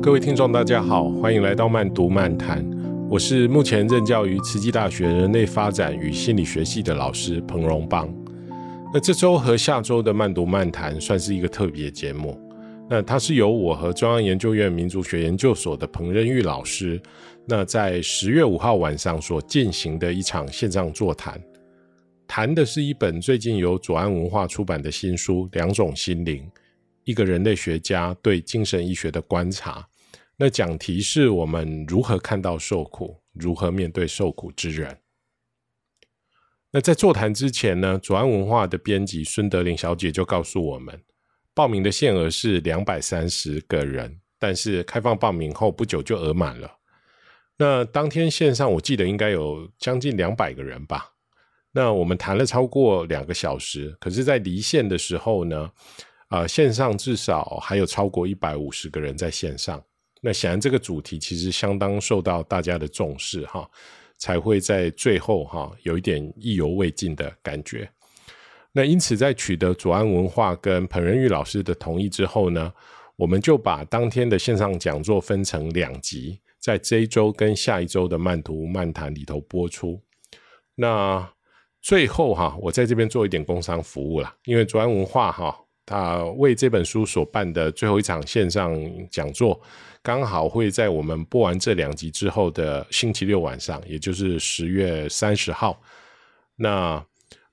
各位聽眾，大家好，歡迎來到慢讀漫談。我是目前任教於慈濟大學人類發展與心理學系的老師彭榮邦。那這週和下周的慢讀漫談算是一個特別節目。那它是由我和中央研究院民族學研究所的彭仁郁老師，那在十月五號晚上所進行的一場線上座談，談的是一本最近由左岸文化出版的新書《兩種心靈》，一個人類學家對精神醫學的觀察。那講題是我們如何看到受苦，如何面對受苦之人。那在座談之前呢，左岸文化的編輯孫德齡小姐就告訴我們。報名的限額是兩百三十個人，但是開放報名後不久就額滿了。那當天線上我記得應該有將近兩百個人吧。那我們談了超過兩個小時，可是，在離線的時候呢，啊、呃，線上至少還有超過一百五十個人在線上。那顯然這個主題其實相當受到大家的重視哈，才會在最後哈有一點意猶未盡的感覺。那因此，在取得左岸文化跟彭仁郁老師的同意之後呢，我們就把當天的線上講座分成兩集，在這一周跟下一周的慢讀漫談裡頭播出。那最後哈、啊，我在這邊做一點工商服務啦，因為左岸文化哈，它為這本書所辦的最後一場線上講座，剛好會在我們播完這兩集之後的星期六晚上，也就是十月三十號。那。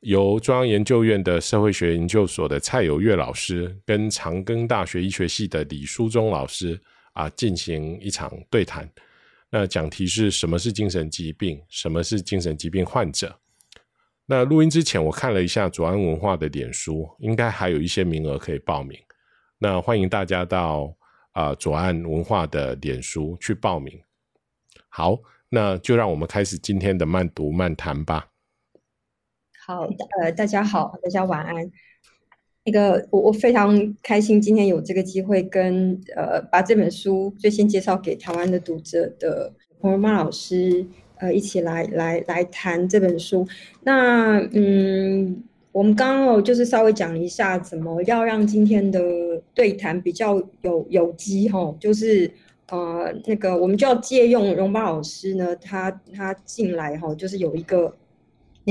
由中央研究院的社會學研究所的蔡友月老師跟長庚大學醫學系的李舒中老師啊進行一場對談。那講題是什麼是精神疾病？什麼是精神疾病患者？那錄音之前我看了一下左岸文化的臉書，應該還有一些名額可以報名。那歡迎大家到啊、呃、左岸文化的臉書去報名。好，那就讓我們開始今天的慢讀漫談吧。好，呃，大家好，大家晚安。那個，我我非常開心今天有這個機會跟呃，把這本書最先介紹給台灣的讀者的彭榮邦老師，呃，一起來來來談這本書。那嗯，我們剛剛、哦、就是稍微講一下，怎麼要讓今天的對談比較有有機哈、哦，就是呃，那個我們就要借用榮邦老師呢，他他進來哈、哦，就是有一個。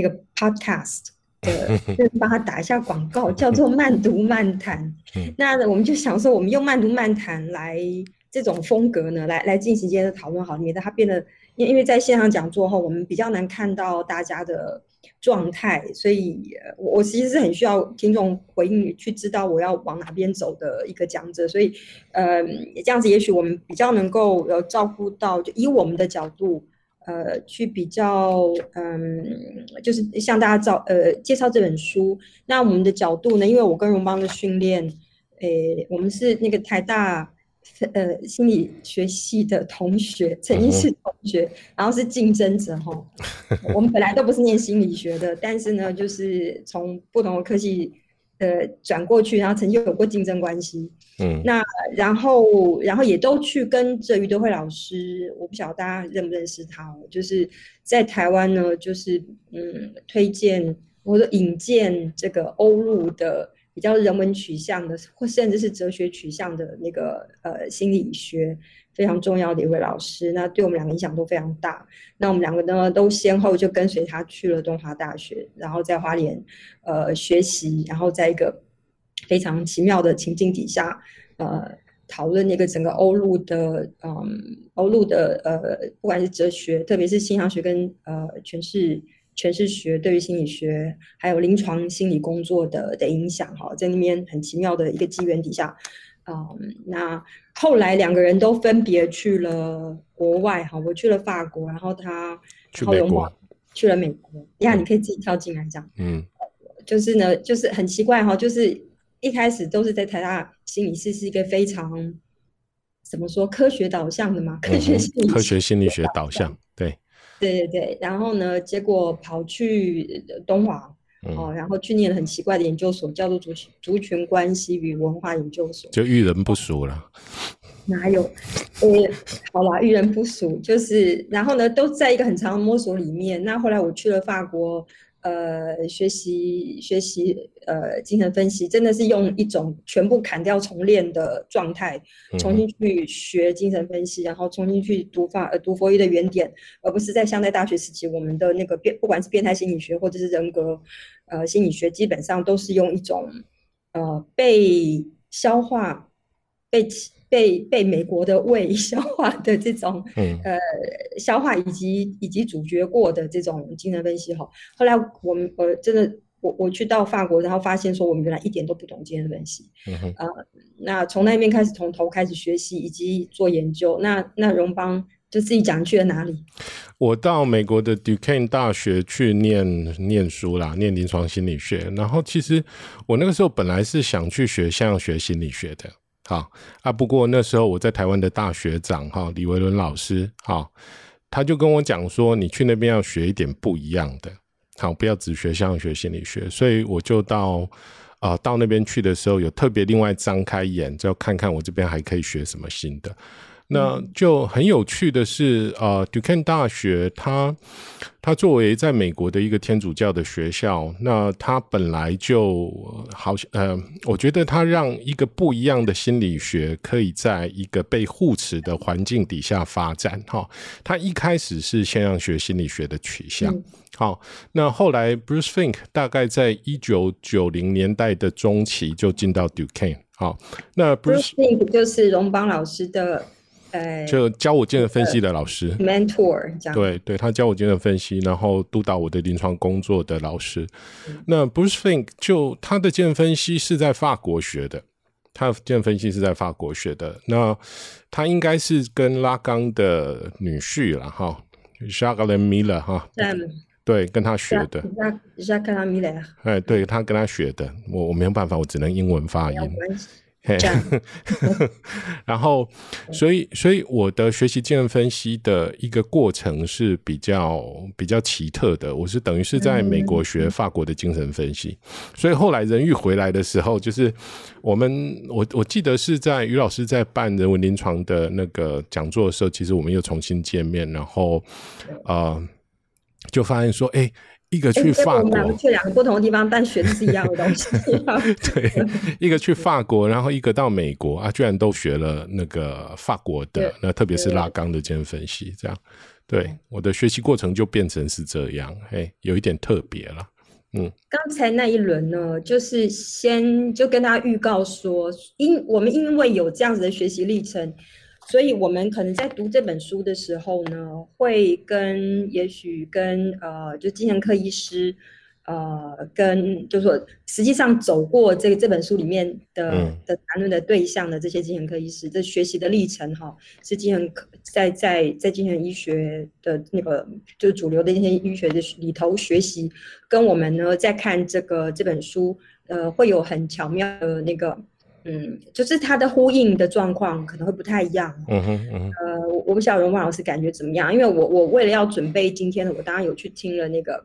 那個 podcast 的就是幫他打一下廣告， 叫做“慢讀漫談”。那我們就想說，我們用“慢讀漫談”來這種風格呢，來來進行今天的討論，好，免得它變得。因因為在線上講座後，我們比較難看到大家的狀態，所以我我其實是很需要聽眾回應去知道我要往哪邊走的一個講者，所以呃，這樣子也許我們比較能夠有照顧到，就以我們的角度。呃，去比較，嗯，就是向大家照，呃，介紹這本書。那我們的角度呢？因為我跟榮邦的訓練，誒、欸，我們是那個台大，呃，心理學系的同學，曾經是同學，嗯、哼然後是競爭者哈。 我們本來都不是念心理學的，但是呢，就是從不同的科系呃，轉過去，然後曾經有過競爭關係。嗯，那然後，然後也都去跟着余德慧老師，我不曉得大家認不認識他哦。就是在台灣呢，就是嗯，推薦或者引薦這個歐陸的比較人文取向的，或甚至是哲學取向的那個呃心理學非常重要的一位老師。那對我們兩個影響都非常大。那我們兩個呢，都先後就跟隨他去了東華大學，然後在花蓮呃學習，然後在一個非常奇妙的情境底下，呃，討論那個整個歐陸的，嗯，歐陸的，呃，不管是哲學，特別是現象學跟呃詮釋詮釋學對於心理學還有臨床心理工作的的影響，哈，在那邊很奇妙的一個機緣底下，嗯，那後來兩個人都分別去了國外，哈，我去了法國，然後他然後有去了美國，美國呀，你可以自己跳進來講，這樣嗯，就是呢，就是很奇怪，哈，就是。一開始都是在台大心理系，是一個非常怎麼說科學導向的嘛，科學心理學，嗯，科學心理學導向。對對對對，然後呢，結果跑去東華、嗯、哦，然後去念了很奇怪的研究所，叫做族群族群關係與文化研究所。就遇人不淑了。哪有？呃，好啦，遇人不淑就是，然後呢，都在一個很長的摸索裡面。那後來我去了法國。呃，學習學習，呃，精神分析真的是用一種全部砍掉重練的狀態，重新去學精神分析，然後重新去讀法呃讀佛學的原點，而不是在像在大學時期我們的那個變，不管是變態心理學或者是人格呃心理學，基本上都是用一種呃被消化被。被被美國的胃消化的這種，嗯、呃，消化以及以及咀嚼過的這種精神分析哈。後來我們呃，我真的我我去到法國，然後發現說我們原來一點都不懂精神分析啊、嗯哼呃。那從那邊開始，從頭開始學習以及做研究。那那榮邦就自己講去了哪裡？我到美國的 Duquesne 大學去念念書啦，念臨床心理學。然後其實我那個時候本來是想去學像學心理學的。好啊啊，不過那時候我在台灣的大學長哈、哦、李維倫老師哈、哦，他就跟我講說，你去那邊要學一點不一樣的，好，不要只學現象學心理學。所以我就到啊、呃、到那邊去的時候，有特別另外張開眼，就要看看我這邊還可以學什麼新的。那就很有趣的是，呃 d 啊，Duquesne 大學它它作為在美國的一個天主教的學校，那它本來就好，呃，我覺得它讓一個不一樣的心理學可以在一個被護持的環境底下發展，哈、哦。它一開始是現象學心理學的取向，好、嗯哦，那後來 Bruce Fink 大概在一九九零年代的中期就進到 Duquesne，好，那 Bruce Fink 就是榮邦老師的。就教我精神分析的老師，mentor，、呃、對對，他教我精神分析，然後督導我的臨床工作的老師。嗯、那 Bruce Fink 就他的精神分析是在法國學的，他的精神分析是在法國學的。那他應該是跟拉岡的女婿了哈 Jacques-Alain Miller 哈，Jacques-Alain Miller，哈嗯、對，跟他學的。哎，對他跟他學的，我我沒有辦法，我只能英文發音。然後，所以，所以我的學習精神分析的一個過程是比較比較奇特的。我是等於是在美國學法國的精神分析，嗯、所以後來仁郁回來的時候，就是我們我我記得是在余老師在辦人文臨床的那個講座的時候，其實我們又重新見面，然後啊、呃，就發現說，哎、欸。一個去法國，欸、我們兩個去，兩個不同的地方， 但學的是一樣的東西。 對， 一個去法國，然後一個到美國啊，居然都學了那個法國的對那特別是拉岡的精神分析。對這樣，對，對我的學習過程就變成是這樣，哎、欸，有一點特別了。嗯，剛才那一輪呢，就是先就跟大家預告說，因我們因為有這樣子的學習歷程。所以，我們可能在讀這本書的時候呢，會跟也許跟呃，就精神科醫師，呃，跟就是說，實際上走過這個這本書裡面的的談論的對象的這些精神科醫師，這學習的歷程哈、哦，是精神科在在在精神醫學的那個就是、主流的一些醫學的裡頭學習，跟我們呢在看這個這本書，呃，會有很巧妙的那個。嗯，就是他的呼應的狀況可能會不太一樣。嗯哼嗯哼。呃我，我不曉得榮光老師感覺怎麼樣，因為我我為了要準備今天的，我當然有去聽了那個，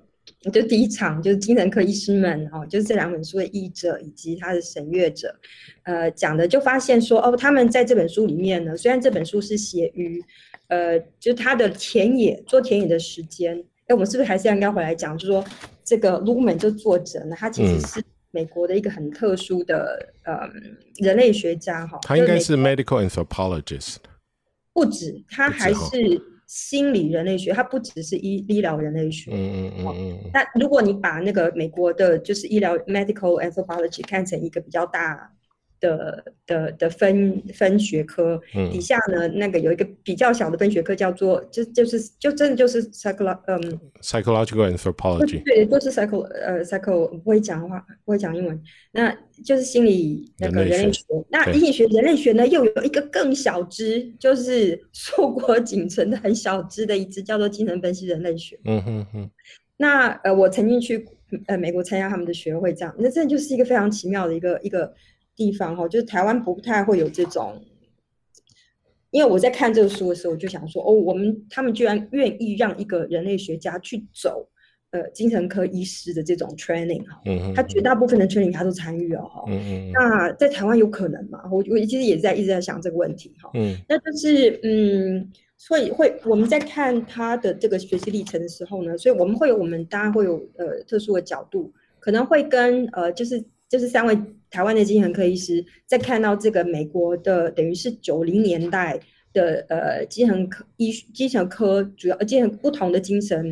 就第一場就是精神科醫師們哦，就是這兩本書的譯者以及他的審閱者，呃，講的就發現說哦，他們在這本書裡面呢，雖然這本書是寫於，呃，就是他的田野做田野的時間，哎，我們是不是還是要該回來講，就是說這個盧 n 就作者呢，他其實是、嗯。美國的一個很特殊的呃、嗯、人類學家哈，他應該是 medical anthropologist，不止他還是心理人類學，他不只是醫醫療人類學，嗯嗯嗯嗯，但、嗯嗯、如果你把那個美國的就是醫療 medical anthropology 看成一個比較大的的的分分學科，嗯，底下呢，那個有一個比較小的分學科叫做，就就是就真的就是 psychology，i c、um, 嗯，psychological anthropology，對，對，對，就是 p s y c h、uh, o 呃 p s y c h o 不會講的話，不會講英文，那就是心理那個人類學，The nation, 那心理學對人類學呢，又有一個更小支，就是碩果僅存的很小支的一支，叫做精神分析人類學。嗯哼哼，那呃，我曾經去呃美國參加他們的學會，這樣，那這就是一個非常奇妙的一個一個。地方哈，就是台灣不太會有這種，因為我在看這個書的時候，我就想說哦，我們他們居然願意讓一個人類學家去走呃精神科醫師的這種 training 哈、嗯，他、嗯、絕大部分的 training 他都參與了、嗯、哦哈，嗯、那在台灣有可能嗎？我我其實也在一直在想這個問題哈，嗯，那就是嗯，所以會我們在看他的這個學習歷程的時候呢，所以我們會有我們大家會有呃特殊的角度，可能會跟呃就是就是三位。台灣的精神科醫師在看到這個美國的，等於是九零年代的呃精神科醫精神科主要精神不同的精神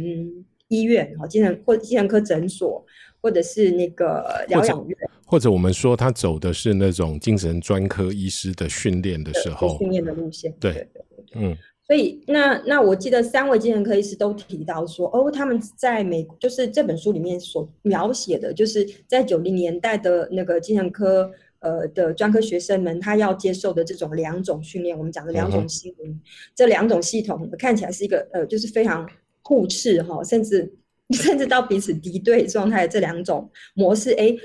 醫院，然後精神，或精神科診所，或者是那個療養院或，或者我們說他走的是那種精神專科醫師的訓練的時候，訓練的路線，對，對對嗯。所以，那那我記得三位精神科醫師都提到說，哦，他們在美，就是這本書裡面所描寫的就是在九零年代的那個精神科呃的專科學生們，他要接受的這種兩種訓練，我們講的兩種心靈。嗯、哼這兩種系統看起來是一個呃，就是非常互斥哈，甚至甚至到彼此敵對狀態的這兩種模式，哎、欸。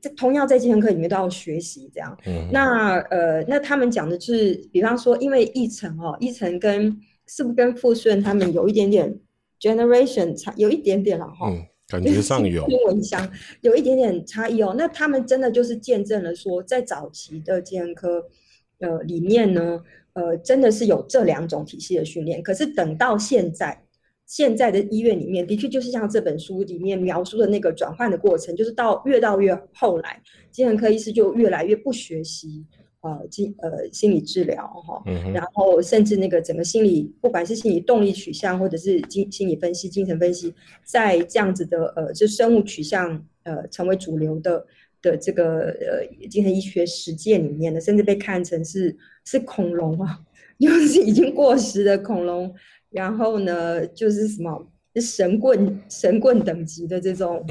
這同樣在精神科裡面都要學習這樣。嗯哼，那呃，那他們講的就是，比方說，因為一成哦，一成跟是不是跟富順他們有一點點 generation 差，有一點點了哈、哦嗯，感覺上有香，有一點點差異哦。那他們真的就是見證了說，在早期的精神科呃裡面呢，呃，真的是有這兩種體系的訓練，可是等到現在，現在的醫院裡面的確就是像這本書裡面描述的那個轉換的過程，就是到越到越後來，精神科醫師就越來越不學習，呃，精呃心理治療哈，然後甚至那個整個心理，不管是心理動力取向或者是精心理分析、精神分析，在這樣子的呃，就生物取向呃成為主流的的這個呃精神醫學實踐裡面的，甚至被看成是是恐龍啊，又、就是已經過時的恐龍。然後呢，就是什麼、就是、神棍、神棍等級的這種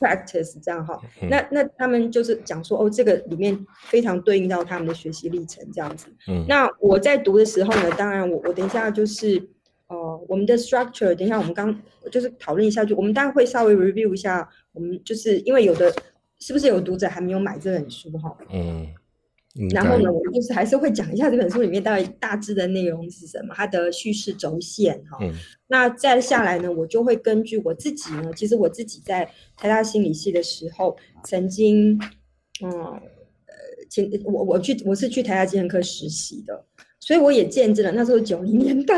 practice，這樣哈。 那那他們就是講說哦，這個裡面非常對應到他們的學習歷程這樣子。嗯、那我在讀的時候呢，當然我我等一下就是哦、呃，我們的 structure，等一下我們剛就是討論一下就，就我們當然會稍微 review 一下。我們就是因為有的是不是有讀者還沒有買這本書哈？嗯。嗯、然後呢，我就是還是會講一下這本書裡面大概大致的內容是什麼，它的敘事軸線哈。嗯、那再下來呢，我就會根據我自己呢，其實我自己在台大心理系的時候，曾經，嗯，呃，前我我去我是去台大精神科實習的，所以我也見證了那時候九零年代，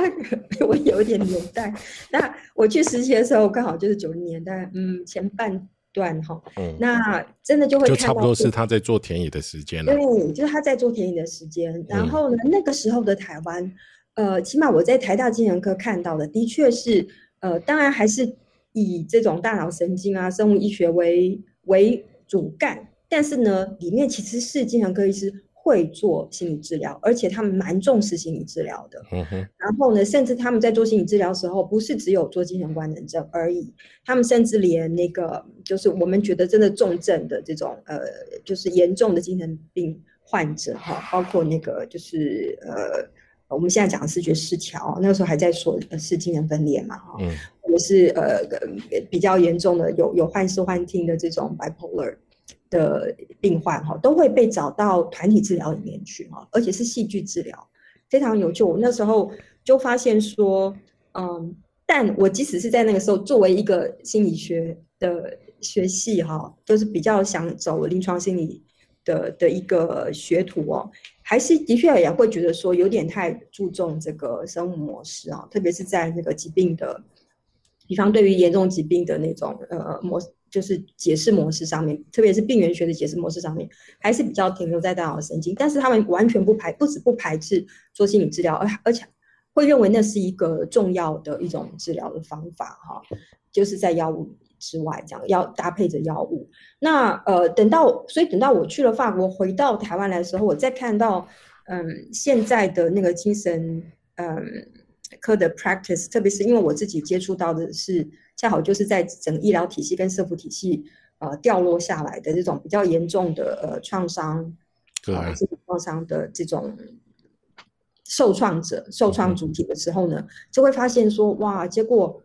我有一點年代。那我去實習的時候，剛好就是九零年代，嗯，前半。段哈，那真的就會就差不多是他在做田野的時間了，對，就是他在做田野的時間。然後呢，嗯、那個時候的台灣，呃，起碼我在台大精神科看到的，的確是，呃，當然還是以這種大腦神經啊、生物醫學為為主幹，但是呢，裡面其實是精神科醫師。會做心理治療，而且他們蠻重視心理治療的。嗯哼。然後呢，甚至他們在做心理治療的時候，不是只有做精神官能症而已，他們甚至連那個就是我們覺得真的重症的這種呃，就是嚴重的精神病患者哈，包括那個就是呃，我們現在講的思覺失調，那個時候還在說的是精神分裂嘛哈，也、嗯、是呃比較嚴重的有有幻視幻聽的這種 bipolar。的病患哈都會，被找到團體治療裡面去哈，而且是戲劇治療，非常有趣。我那時候就發現說，嗯，但我即使是在那個時候作為一個心理學的學系哈，都是比較想走臨床心理的的一個學徒哦，還是的確也會覺得說有點太注重這個生物模式啊，特別是在那個疾病的，比方對於嚴重疾病的那種呃模式。就是解釋模式上面，特別是病原學的解釋模式上面，還是比較停留在大腦神經，但是他們完全不排，不止不排斥做心理治療，而而且會認為那是一個重要的一種治療的方法，哈、哦，就是在藥物之外這樣，要搭配着藥物。那呃，等到所以等到我去了法國，回到台灣來的時候，我再看到，嗯，現在的那個精神嗯科的 practice，特別是因為我自己接觸到的是。恰好就是在整個醫療體系跟社福體系呃掉落下來的這種比較嚴重的呃創傷，這種創傷的這種受創者、受創主體的時候呢，就會發現說哇，結果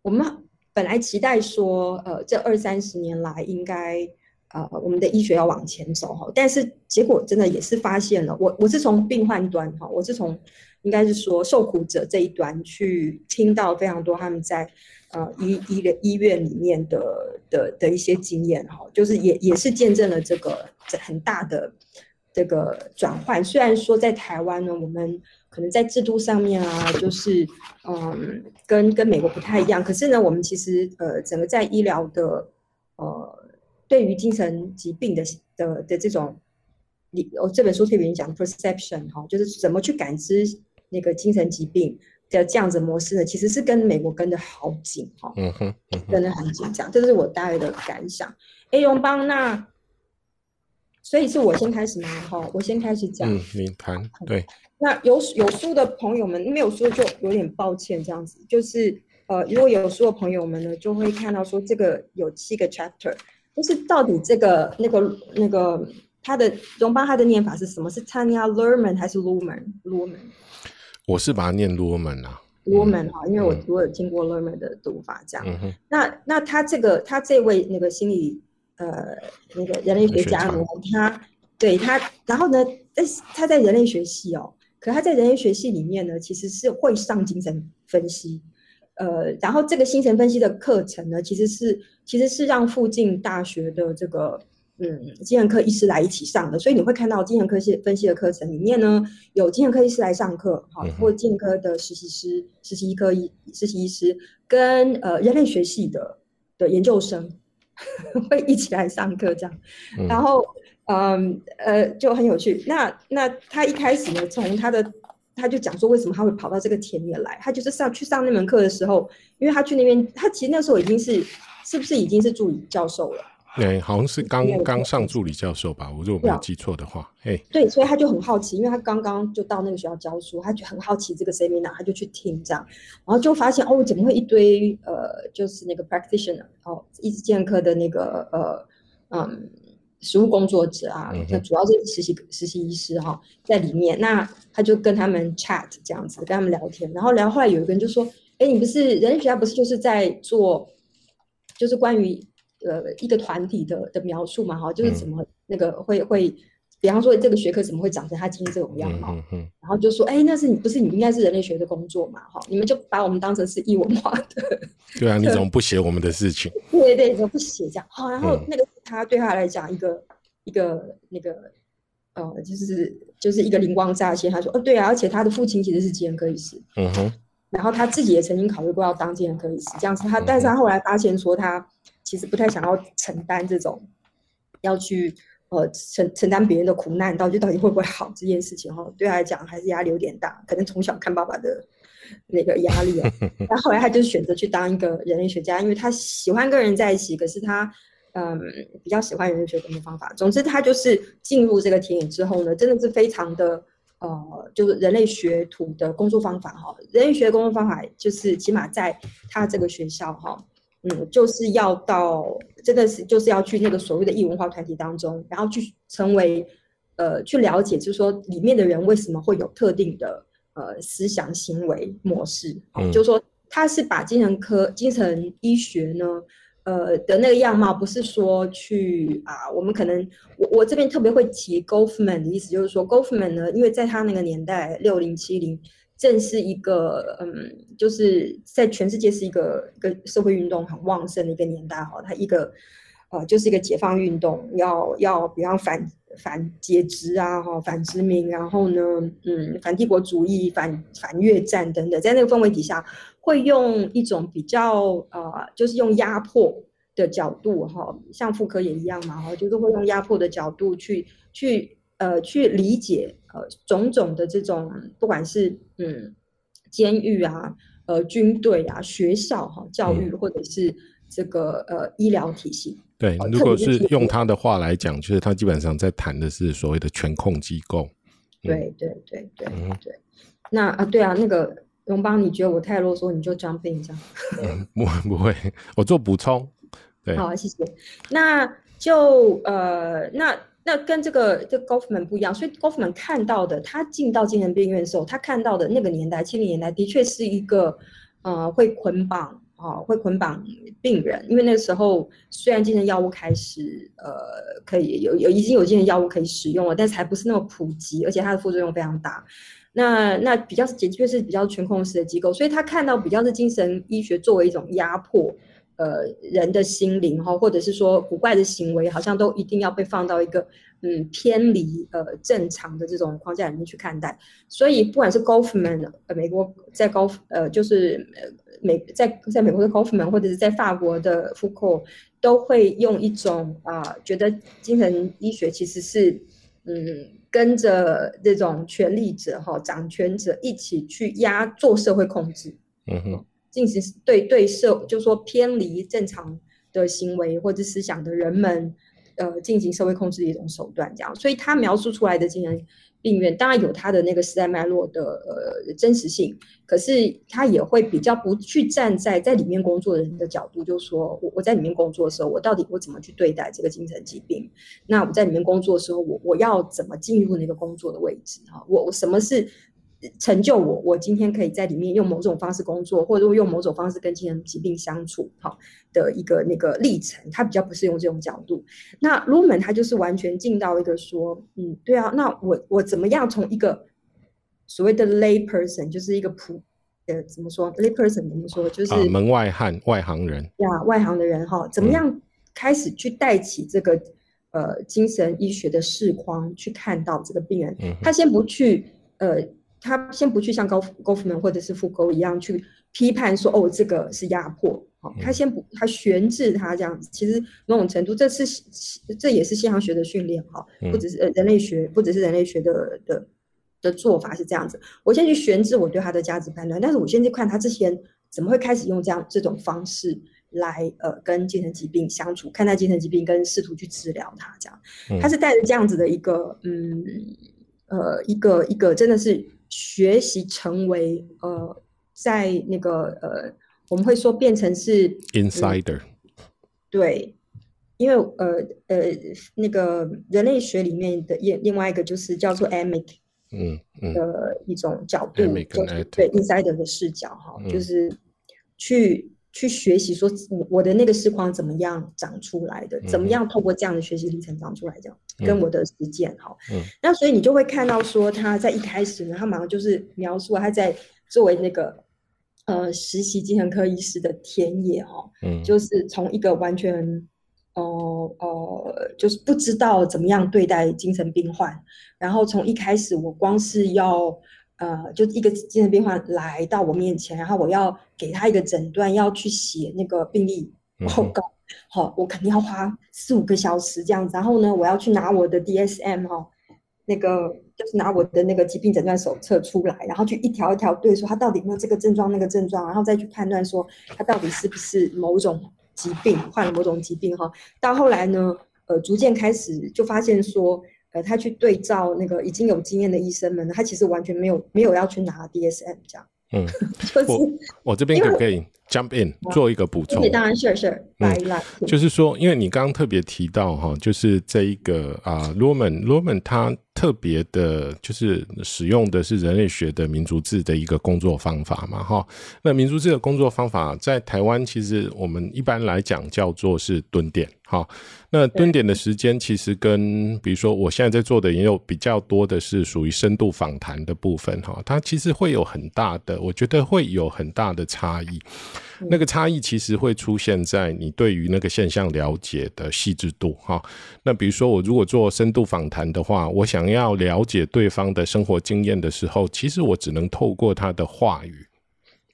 我們本來期待說呃這二三十年來應該呃我們的醫學要往前走哈，但是結果真的也是發現了，我我是從病患端哈，我是從應該是說受苦者這一端去聽到非常多他們在，呃，醫醫個醫院裡面的的的一些經驗哈、哦，就是也也是見證了這個很大的這個轉換。雖然說在台灣呢，我們可能在制度上面啊，就是嗯、呃，跟跟美國不太一樣，可是呢，我們其實呃，整個在醫療的呃，對於精神疾病的的的這種，我這本書特別講 perception 哈、哦，就是怎麼去感知那個精神疾病。的這樣子模式呢，其實是跟美國跟的好緊哈、嗯，嗯哼，跟得很緊張。這是我大概的感想。哎、欸，榮邦那，所以是我先開始嗎？哈，我先開始講。嗯，你談、嗯、對。那有有書的朋友們，沒有書就有點抱歉這樣子。就是呃，如果有書的朋友們呢，就會看到說這個有七個 chapter，就是到底這個那個那個他的榮邦他的念法是什麼？是 Tania Lerman 還是 Lumen Lumen？我是把它念羅門吶、啊，羅門哈、啊，嗯，因為我我有聽過羅門的讀法這樣。嗯、哼那那他這個他這位那個心理呃那個人類學家羅長，他對他然後呢，但是他在人類學系哦，可他在人類學系裡面呢，其實是會上精神分析，呃，然後這個精神分析的課程呢，其實是其實是讓附近大學的這個。嗯，精神科醫師來一起上的，所以你會看到精神科系分析的課程裡面呢，有精神科醫師來上課，好，或者精神科的實習師、實習科醫、實習醫師跟呃人類學系的的研究生會 一起來上課這樣。然後，嗯，嗯，呃，就很有趣。那那他一開始呢，從他的他就講說，為什麼他會跑到這個田野來？他就是上去上那門課的時候，因為他去那邊，他其實那時候已經是是不是已經是助理教授了？對，好像是剛剛上助理教授吧，我如果沒有記錯的話，對嘿，對，所以他就很好奇，因為他剛剛就到那個學校教書，他就很好奇這個 seminar，他就去聽這樣，然後就發現哦，怎麼會一堆呃，就是那個 practitioner，哦，醫生健客的那個呃，嗯，實務工作者啊，那、嗯、哼主要是實習實習醫師哈、哦，在裡面，那他就跟他們 chat 這樣子，跟他們聊天，然後聊後來有一個人就說，哎，你不是人類學家，不是就是在做，就是關於。呃，一個團體的的描述嘛，哈，就是怎麼那個會會，比方說這個學科怎麼會長成他今天這種樣貌，嗯嗯嗯、然後就說，哎、欸，那是你不是你應該是人類學的工作嘛，哈，你們就把我們當成是異文化的。對啊，你怎麼不寫我們的事情？對 對，對怎麼不寫這樣。好，然後那個、嗯、他對他來講，一個一個那個呃，就是就是一個靈光乍現，他說，哦，對啊，而且他的父親其實是基恩·科里斯。嗯哼，然後他自己也曾經考慮過要當基恩·科里斯。這樣子他，他、嗯、但是他後來發現說他。其實不太想要承擔這種，要去呃承承擔別人的苦難，到底到底會不會好這件事情哈，哦，對他來講還是壓力有點大，可能從小看爸爸的那個壓力，哦、 然後，後來他就選擇去當一個人類學家，因為他喜歡跟人在一起，可是他嗯比較喜歡人類學的工作的方法。總之他就是進入這個田野之後呢，真的是非常的呃，就是人類學徒的工作方法哈，哦，人類學工作方法就是起碼在他這個學校哈，哦。嗯，就是要到真的是，就是要去那個所謂的異文化團體當中，然後去成為，呃，去了解，就是說裡面的人為什麼會有特定的呃思想行為模式。嗯，就是說他是把精神科、精神醫學呢，呃的那個樣貌，不是說去啊，我們可能我我這邊特別會提 Goffman 的意思，就是說 Goffman 呢，因為在他那個年代，六零七零。正是一個嗯，就是在全世界是一個一個社會運動很旺盛的一個年代哈、哦，它一個呃，就是一個解放運動，要要比方反反階級啊哈、哦，反殖民，然後呢，嗯，反帝國主義，反反越戰等等，在那個氛圍底下，會用一種比較呃，就是用壓迫的角度哈、哦，像傅柯也一樣嘛哈、哦，就是會用壓迫的角度去去。呃，去理解呃，種種的這種，不管是嗯，監獄啊，呃，軍隊啊，學校哈、喔，教育，或者是這個、嗯、呃，醫療體系。對，如果是用他的話來講，就是他基本上在談的是所謂的全控機構。嗯、對對對對、嗯、對。那啊、呃，對啊，那個榮邦，你覺得我太囉嗦，你就 jumping 一下。嗯、不會不會，我做補充。對，好、啊，謝謝。那就呃，那。那跟這個這個、Goffman 不一樣，所以 Goffman 看到的，他進到精神病院的時候，他看到的那個年代，七零年代的確是一個，呃，會捆綁啊、呃，會捆綁病人，因為那個時候雖然精神藥物開始，呃，可以有有已經有精神藥物可以使用了，但是還不是那麼普及，而且它的副作用非常大。那那比較是，的確是比較全控式的機構，所以他看到比較是精神醫學作為一種壓迫。呃，人的心靈哈，或者是說古怪的行為，好像都一定要被放到一個嗯偏離呃正常的這種框架裡面去看待。所以，不管是 Goffman 呃，美國在 Goff 呃，就是美在在美國的 Goffman 或者是在法國的 Foucault 都會用一種啊，呃，覺得精神醫學其實是嗯跟着這種權力者哈，掌權者一起去壓做社會控制。嗯哼。進行對對社，就說偏離正常的行為或者思想的人們，呃，進行社會控制的一種手段，這樣。所以，他描述出來的精神病院，當然有他的那個時代脈絡的呃真實性，可是他也會比較不去站在在裡面工作的人的角度，就說，我我在裡面工作的時候，我到底我怎麼去對待這個精神疾病？那我在裡面工作的時候，我我要怎麼進入那個工作的位置？哈，我我什麼是？成就我，我今天可以在裡面用某種方式工作，或者用某種方式跟精神疾病相處，哈，的一個那個歷程，他比較不是用這種角度。那盧門他就是完全進到一個說，嗯，對啊，那我我怎麼樣從一個所謂的 lay person，就是一個普呃怎麼說 lay person 怎麼說，就是、呃、門外漢、外行人呀，yeah, 外行的人哈、哦，怎麼樣開始去帶起這個、嗯、呃精神醫學的視框，去看到這個病人，嗯、哼他先不去呃。他先不去像高夫、高夫曼或者是傅柯一樣去批判說，哦，這個是壓迫，好、哦，他先不他懸置他這樣子，其實某種程度這是這也是現象學的訓練哈、哦，不只是、呃、人類學，不只是人類學的的的做法是這樣子。我先去懸置我對他的價值判斷，但是我先去看他之前怎麼會開始用這樣這種方式來呃跟精神疾病相處，看待精神疾病跟試圖去治療他這樣，嗯、他是帶着這樣子的一個嗯呃一個一個真的是。學習成為呃，在那個呃，我們會說變成是 insider，嗯。對，因為呃呃，那個人類學裡面的另另外一個就是叫做 emic 嗯嗯，的一種角度，對 insider 的視角哈，就是去。去學習說我的那個視框怎麼樣長出來的，怎麼樣透過這樣的學習歷程長出來的，這樣、嗯、跟我的實踐哈。嗯、那所以你就會看到說他在一開始呢，他馬上就是描述他在作為那個呃實習精神科醫師的田野哈，哦嗯、就是從一個完全哦哦、呃呃、就是不知道怎麼樣對待精神病患，然後從一開始我光是要。呃，就一個精神病患來到我面前，然後我要給他一個診斷，要去寫那個病歷報告，好，嗯哦，我肯定要花四五個小時這樣子。然後呢，我要去拿我的 DSM 哦，那個就是拿我的那個疾病診斷手冊出來，然後去一條一條對說他到底有沒有這個症狀那個症狀，然後再去判斷說他到底是不是某種疾病，患了某種疾病哈、哦。到後來呢，呃，逐漸開始就發現說。呃，他去對照那個已經有經驗的醫生們，他其實完全沒有沒有要去拿 DSM 這樣。嗯， 就是、我我這邊可不可以 jump in 為做一個補充？嗯、當然，是是，嗯、來、來、就是說，因為你剛剛特別提到哈，就是這一個啊、呃、，Luhrmann，Luhrmann、uh uh、他。特別的，就是使用的是人類學的民族誌，的一個工作方法嘛，哈。那民族誌的工作方法在台灣，其實我們一般來講叫做是蹲點，哈。那蹲點的時間，其實跟比如說我現在在做的也有比較多的是屬於深度訪談的部分，哈。它其實會有很大的，我覺得會有很大的差異。那個差異其實會出現在你對於那個現象了解的細緻度哈。那比如說我如果做深度訪談的話，我想要了解對方的生活經驗的時候，其實我只能透過他的話語，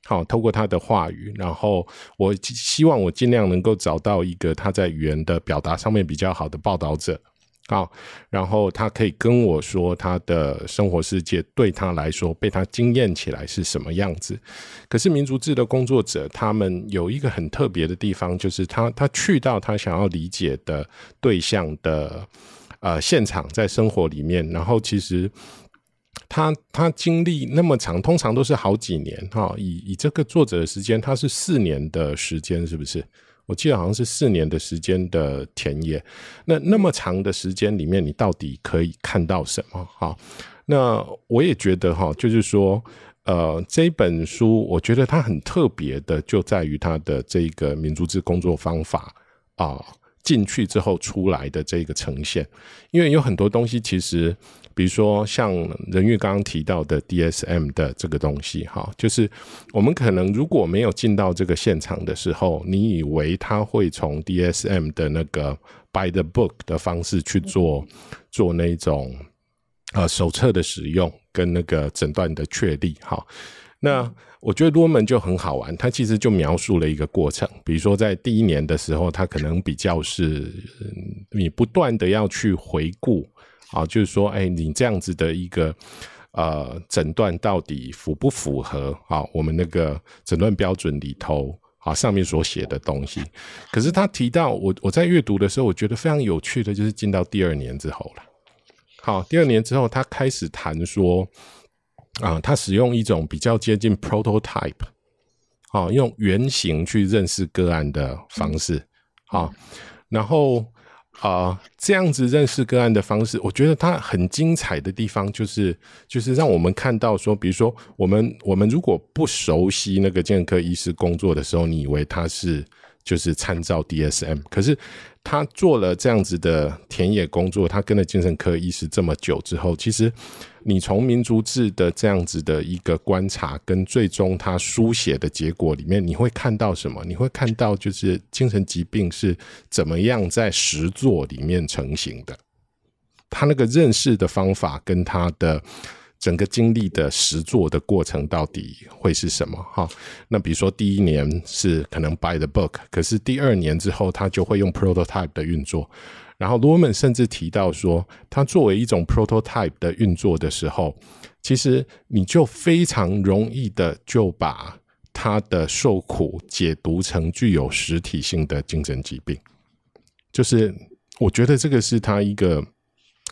好，透過他的話語，然後我希望我盡量能夠找到一個他在語言的表達上面比較好的報導者。好、哦，然後他可以跟我說他的生活世界，對他來說被他經驗起來是什麼樣子。可是民族志的工作者，他們有一個很特別的地方，就是他他去到他想要理解的對象的呃現場，在生活裡面，然後其實他他經歷那麼長，通常都是好幾年哈、哦。以以這個作者的時間，他是四年的時間，是不是？我記得好像是四年的時間的田野，那那麼長的時間裡面，你到底可以看到什麼？哈，那我也覺得哈、哦，就是說，呃，這本書我覺得它很特別的，就在於它的這個民族志工作方法啊、呃，進去之後出來的這個呈現，因為有很多東西其實。比如說，像仁郁剛剛提到的 DSM 的這個東西，哈，就是我們可能如果沒有進到這個現場的時候，你以為他會從 DSM 的那個 by the book 的方式去做、嗯、做那種呃手冊的使用跟那個診斷的確立，哈。那我覺得羅門就很好玩，他其實就描述了一個過程。比如說，在第一年的時候，他可能比較是你不斷的要去回顧。啊，就是說，哎、欸，你這樣子的一個呃診斷，診斷到底符不符合啊？我們那個診斷標準裡頭啊上面所寫的東西。可是他提到我，我我在閱讀的時候，我覺得非常有趣的就是進到第二年之後了。好、啊，第二年之後，他開始談說，啊，他使用一種比較接近 prototype，啊，用原型去認識個案的方式。啊，然後。啊、呃，這樣子認識個案的方式，我覺得它很精彩的地方就是，就是讓我們看到說，比如說我們我們如果不熟悉那個精神科醫師工作的時候，你以為他是就是參照 DSM，可是。他做了這樣子的田野工作，他跟了精神科醫師這麼久之後，其實你從民族志的這樣子的一個觀察，跟最終他書寫的結果裡面，你會看到什麼？你會看到就是精神疾病是怎麼樣在實作裡面成型的。他那個認識的方法跟他的。整個經歷的實作的過程到底會是什麼？哈，那比如說第一年是可能 by the book，可是第二年之後他就會用 prototype 的運作。然後羅曼甚至提到說，他作為一種 prototype 的運作的時候，其實你就非常容易的就把他的受苦解讀成具有實體性的精神疾病。就是我覺得這個是他一個。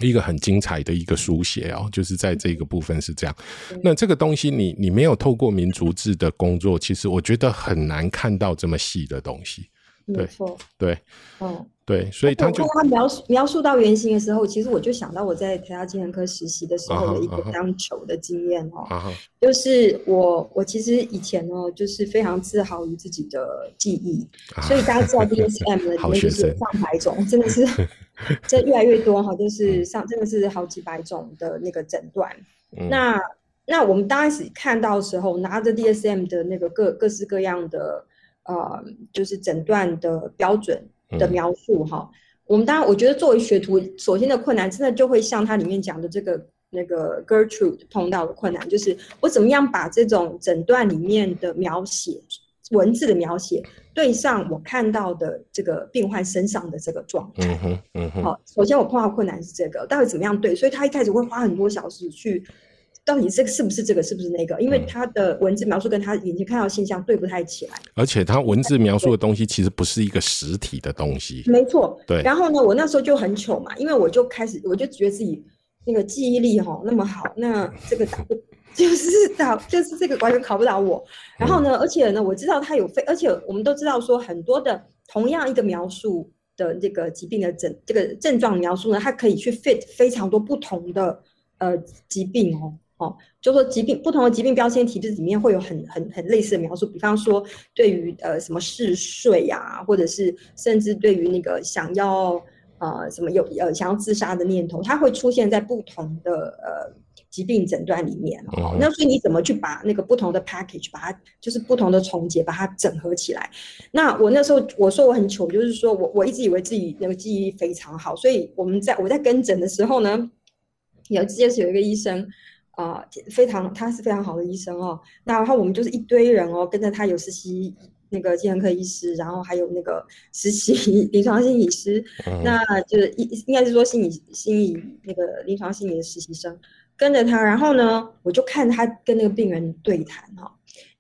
一個很精彩的一個書寫哦，嗯、就是在這個部分是這樣。嗯、那這個東西你，你你沒有透過民族志的工作，嗯、其實我覺得很難看到這麼細的東西。對沒錯，對，哦、對，所以他就我他描述描述到原型的時候，其實我就想到我在台大精神科實習的時候的一個非常糗的經驗哦，啊、哈就是我我其實以前哦，就是非常自豪於自己的記憶，啊、哈所以大家知道 DSM 裡面就是上百種，真的是。 這越來越多哈，就是上真的是好幾百種的那個診斷。嗯、那那我們當時看到的時候，拿着 DSM 的那個各各式各樣的呃，就是診斷的標準的描述哈、嗯。我們當然，我覺得作為學徒，首先的困難真的就會像它裡面講的這個那個 Gertrude 碰到的困難，就是我怎麼樣把這種診斷裡面的描寫。文字的描寫，對上我看到的這個病患身上的這個狀態，嗯哼，嗯哼，首先我碰到困難是這個，到底怎麼樣對？所以他一開始會花很多小時去，到底這個是不是這個，是不是那個？因為他的文字描述跟他眼前看到的現象對不太起來，嗯、而且他文字描述的東西其實不是一個實體的東西，對沒錯，對。然後呢，我那時候就很糗嘛，因為我就開始我就覺得自己那個記憶力哈、哦、那麼好，那這個打不。 就是考，就是這個完全考不倒我。然後呢，而且呢，我知道它有非，而且我們都知道說很多的同樣一個描述的這個疾病的診，這個症狀描述呢，它可以去 fit 非常多不同的呃疾病哦哦，就是說疾病不同的疾病標籤體制裡面會有很很很類似的描述，比方說對於呃什麼嗜睡呀，啊，或者是甚至對於那個想要。呃，什麼有呃想要自殺的念頭，它會出現在不同的呃疾病診斷裡面哦。那所以你怎麼去把那個不同的 package，把它就是不同的重疊，把它整合起來？那我那時候我說我很糗，就是說我我一直以為自己那個記憶力非常好，所以我們在我在跟診的時候呢，有直接是有一個醫生啊、呃，非常他是非常好的醫生哦。那然後我們就是一堆人哦，跟着他有實習。那個精神科醫師，然後還有那個實習臨床心理師，uh huh. 那就是應應該是說心理心理那個臨床心理的實習生跟着他，然後呢，我就看他跟那個病人對談哈、哦，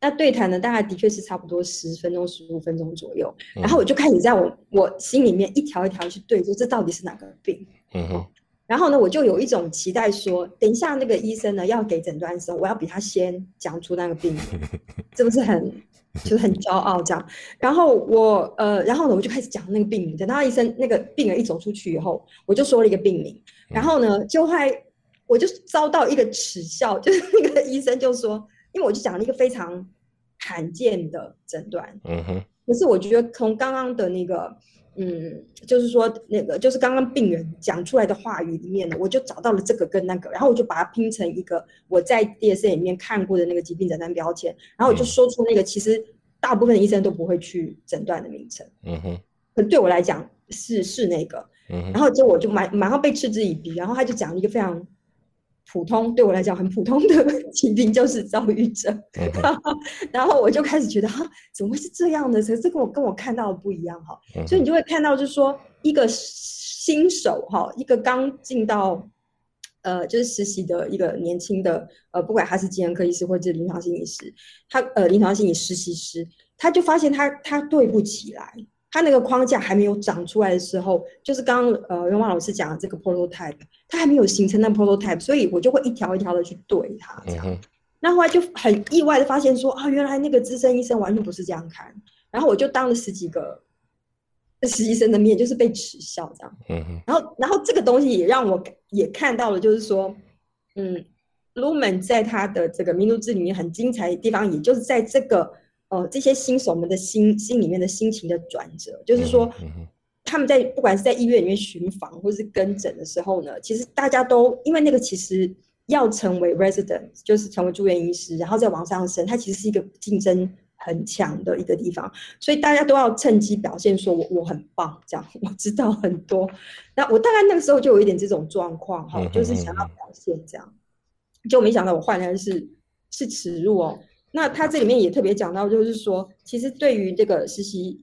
那對談呢大概的確是差不多十分鐘、十五分鐘左右，uh huh. 然後我就開始在我我心裡面一條一條去對，說這到底是哪個病？嗯、uh huh. 然後呢，我就有一種期待說，說等一下那個醫生呢要給診斷的時候，我要比他先講出那個病名， 是不是很就是很驕傲這樣？然後我呃，然後呢我就開始講那個病名，等到醫生那個病人一走出去以後，我就說了一個病名，然後呢就會我就遭到一個恥笑，就是那個醫生就說，因為我就講了一個非常罕見的診斷，嗯，可是我覺得從剛剛的那個。嗯，就是說那個，就是剛剛病人講出來的話語裡面呢，我就找到了這個跟那個，然後我就把它拼成一個我在電視裡面看過的那個疾病診斷標籤，然後我就說出那個其實大部分的醫生都不會去診斷的名稱。嗯哼，可對我來講是是那個。嗯哼，然後就我就蠻馬上被嗤之以鼻，然後他就講了一個非常。普通，對我來講很普通的疾病，就是躁鬱症，嗯哼啊，然後我就開始覺得哈，啊，怎麼會是這樣的？這這個我跟我看到的不一樣哈。嗯、哼所以你就會看到，就是說一個新手哈，一個剛進到呃就是實習的一個年輕的呃，不管他是精神科醫師或者臨床心理師，他呃臨床心理實習師，他就發現他他對不起來。它那個框架還沒有長出來的時候，就是剛剛呃，榮邦老師講的這個 prototype，它還沒有形成那 prototype，所以我就會一條一條的去對它這樣。那、嗯、哼後，後來就很意外的發現說啊，原來那個資深醫生完全不是這樣看，然後我就當了十幾個實習生的面，就是被恥笑這樣。嗯、哼然後然後這個東西也讓我也看到了，就是說，嗯，Lumen 在他的這個民族志裡面很精彩的地方，也就是在這個。哦、這些新手們的心心裡面的心情的轉折，嗯嗯、就是說他們在不管是在醫院裡面巡房或是跟診的時候呢，其實大家都因為那個其實要成為 resident，就是成為住院醫師，然後再往上升，它其實是一個競爭很強的一個地方，所以大家都要趁機表現，說我我很棒，這樣我知道很多。那我大概那個時候就有一點這種狀況哈，就是想要表現這樣，嗯嗯嗯、就沒想到我換來的是是恥辱哦。那他這裡面也特別講到，就是說，其實對於這個實習，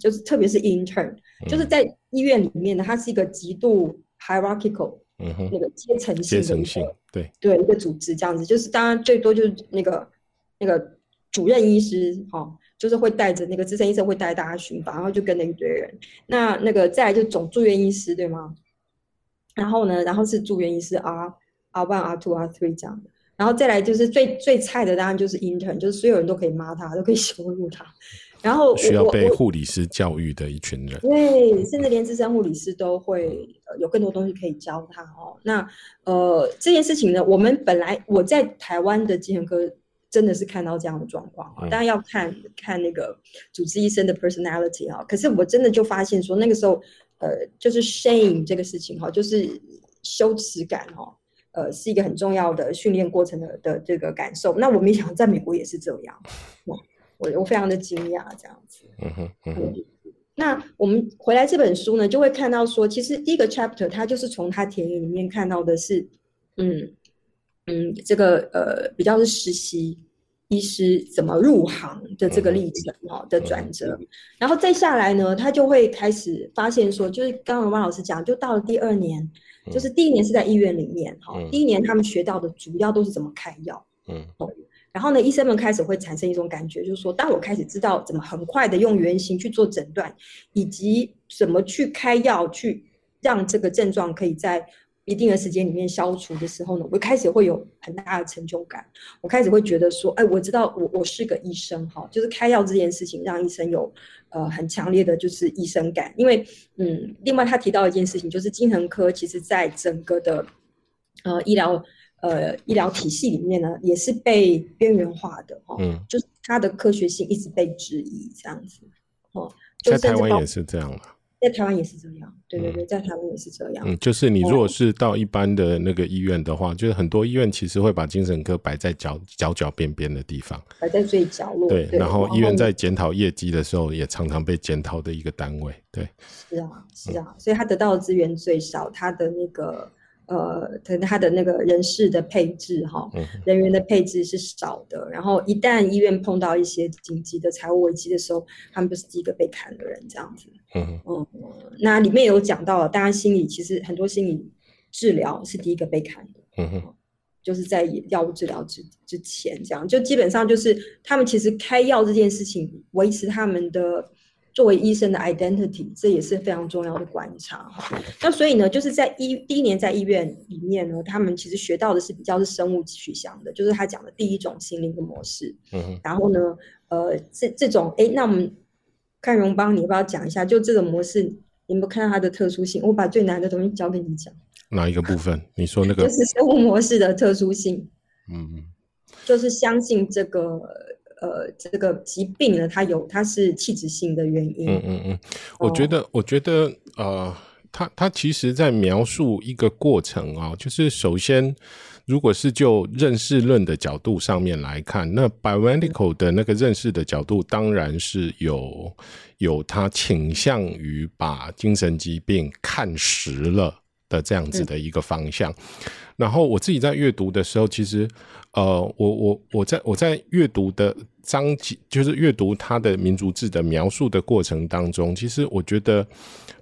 就是特別是 intern，、嗯、就是在醫院裡面呢，它是一個極度 hierarchical，、嗯、哼那個階層性，性對對一個組織這樣子。就是當然最多就是那個那個主任醫師，哈、哦，就是會帶着那個資深醫生會帶大家巡房，然後就跟著一堆人。那那個再來就總住院醫師，對嗎？然後呢，然後是住院醫師 R R one R two R three 這樣的。然後再來就是最最菜的，當然就是 intern，就是所有人都可以罵他，都可以羞辱他。然後需要被護理師教育的一群人，對，甚至連資深護理師都會、呃、有更多東西可以教他哦。那呃這件事情呢，我們本來我在台灣的精神科真的是看到這樣的狀況，嗯、當然要看看那個主治醫生的 personality 啊、哦。可是我真的就發現說，那個時候呃就是 shame 這個事情哈、哦，就是羞恥感哦。呃，是一個很重要的訓練過程的的這個感受。那我沒想到在美國也是這樣，哇我我非常的驚訝這樣子。嗯哼，嗯哼，那我們回來這本書呢，就會看到說，其實第一個 chapter 它就是從它田野裡面看到的是，嗯嗯，這個呃比較是實習醫師怎麼入行的這個歷程哈的轉折。嗯、哼然後再下來呢，他就會開始發現說，就是剛剛汪老師講，就到了第二年。就是第一年是在醫院裡面哈，嗯、第一年他們學到的主要都是怎麼開藥，嗯，然後呢，醫生們開始會產生一種感覺，就是說，當我開始知道怎麼很快的用原型去做診斷，以及怎麼去開藥去讓這個症狀可以在一定的時間裡面消除的時候呢，我開始會有很大的成就感，我開始會覺得說，哎，我知道我我是個醫生哈，就是開藥這件事情讓醫生有。呃，很強烈的，就是醫生感，因為，嗯，另外他提到一件事情，就是精神科其實，在整個的，呃，醫療，呃，醫療體系裡面呢，也是被邊緣化的，哦、嗯，就是它的科學性一直被質疑，這樣子，哦，就是在台灣也是這樣的。在台灣也是這樣，對對對，在台灣也是這樣。嗯，嗯，就是你如果是到一般的那個醫院的話，嗯、就是很多醫院其實會把精神科擺在角角角邊邊的地方，擺在最角落。對，對，然後醫院在檢討業績的時候，也常常被檢討的一個單位。對，嗯、是啊，是啊，所以他得到的資源最少，他的那個。呃，他他的那個人事的配置哈，人員的配置是少的。嗯、哼然後一旦醫院碰到一些緊急的財務危機的時候，他們不是第一個被砍的人，這樣子。嗯哼嗯，那裡面有講到了，大家心裡其實很多心理治療是第一個被砍的。嗯哼就是在藥物治療之之前，這樣就基本上就是他們其實開藥這件事情維持他們的。作為醫生的 identity，這也是非常重要的觀察。那所以呢，就是在第一,一年在醫院裡面呢，他們其實學到的是比較是生物取向的，就是他講的第一種心靈的模式。嗯哼。然後呢，呃，這這種，哎，那我們看榮邦，你要不要講一下？就這個模式，你有沒有看到它的特殊性？我把最難的東西交給你講。哪一個部分？你說那個？就是生物模式的特殊性。嗯嗯哼。就是相信這個。呃，這個疾病呢，它有它是器質性的原因。嗯嗯嗯，我覺得，我覺得，呃，他他其實，在描述一個過程啊，就是首先，如果是就認識論的角度上面來看，那 biomedical 的那個認識的角度，當然是有有他傾向於把精神疾病看實了。這樣子的一個方向，嗯、然後我自己在閱讀的時候，其實，呃，我我我在我在閱讀的章節，就是閱讀他的民族志的描述的過程當中，其實我覺得，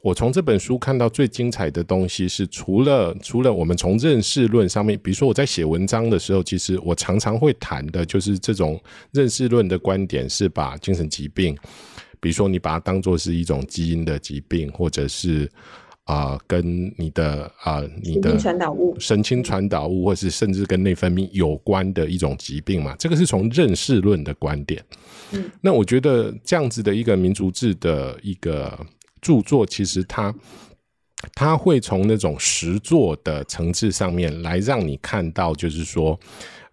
我從這本書看到最精彩的東西是，除了除了我們從認識論上面，比如說我在寫文章的時候，其實我常常會談的就是這種認識論的觀點，是把精神疾病，比如說你把它當做是一種基因的疾病，或者是。啊、呃，跟你的啊、呃，你的神經傳導物、傳導物，或是甚至跟內分泌有關的一種疾病嘛，這個是從認識論的觀點。嗯，那我覺得這樣子的一個民族志的一個著作，其實它它會從那種實作的層次上面來讓你看到，就是說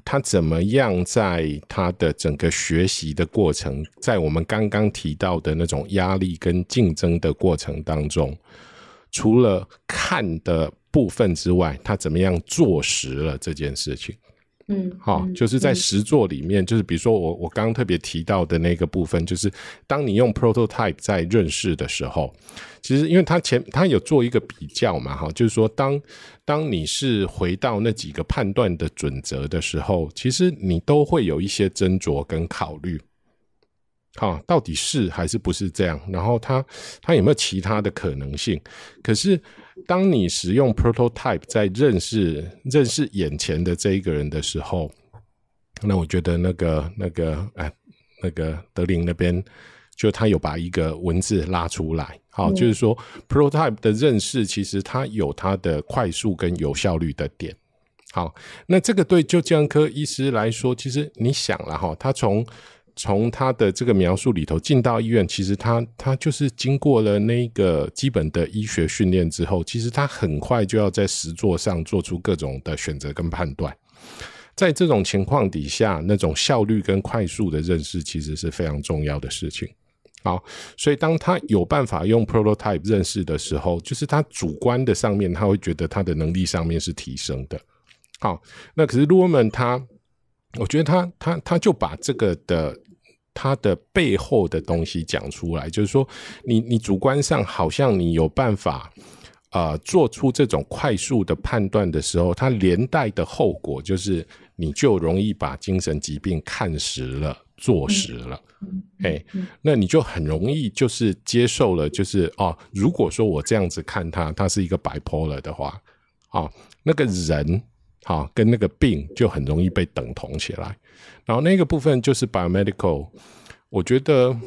它怎麼樣在它的整個學習的過程，在我們剛剛提到的那種壓力跟競爭的過程當中。除了看的部分之外，他怎麼樣坐實了這件事情？嗯，好、嗯哦，就是在實作裡面，嗯嗯、就是比如說我我剛剛特別提到的那個部分，就是當你用 prototype 在認識的時候，其實因為他前他有做一個比較嘛，哈、哦，就是說當當你是回到那幾個判斷的準則的時候，其實你都會有一些斟酌跟考慮。到底是還是不是這樣？然後他，他有沒有其他的可能性？可是，當你使用 prototype 在認識認識眼前的這一個人的時候，那我覺得那個那個、哎、那個德林那邊，就他有把一個文字拉出來。好，嗯、就是說 prototype 的認識，其實它有它的快速跟有效率的點。好，那這個對就精神科醫師來說，其實你想啦他從。從他的這個描述裡頭進到醫院，其實他他就是經過了那個基本的醫學訓練之後，其實他很快就要在實作上做出各種的選擇跟判斷。在這種情況底下，那種效率跟快速的認識，其實是非常重要的事情。好，所以當他有辦法用 prototype 認識的時候，就是他主觀的上面，他會覺得他的能力上面是提升的。好，那可是 Luhrmann 他，我覺得他他他就把這個的。它的背後的東西講出來，就是說你，你你主觀上好像你有辦法，呃，做出這種快速的判斷的時候，它連帶的後果就是，你就容易把精神疾病看實了、坐實了，哎，那你就很容易就是接受了，就是哦，如果說我這樣子看他，他是一個 bipolar 的話，哦，那個人。啊，跟那個病就很容易被等同起來，然後那個部分就是 biomedical，我覺得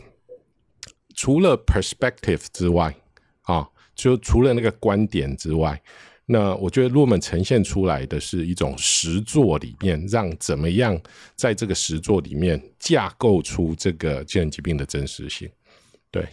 除了 perspective 之外，啊，就除了那個觀點之外，那我覺得如果我們呈現出來的是一種實作裡面，讓怎麼樣在這個實作裡面架構出這個精神疾病的真實性，對。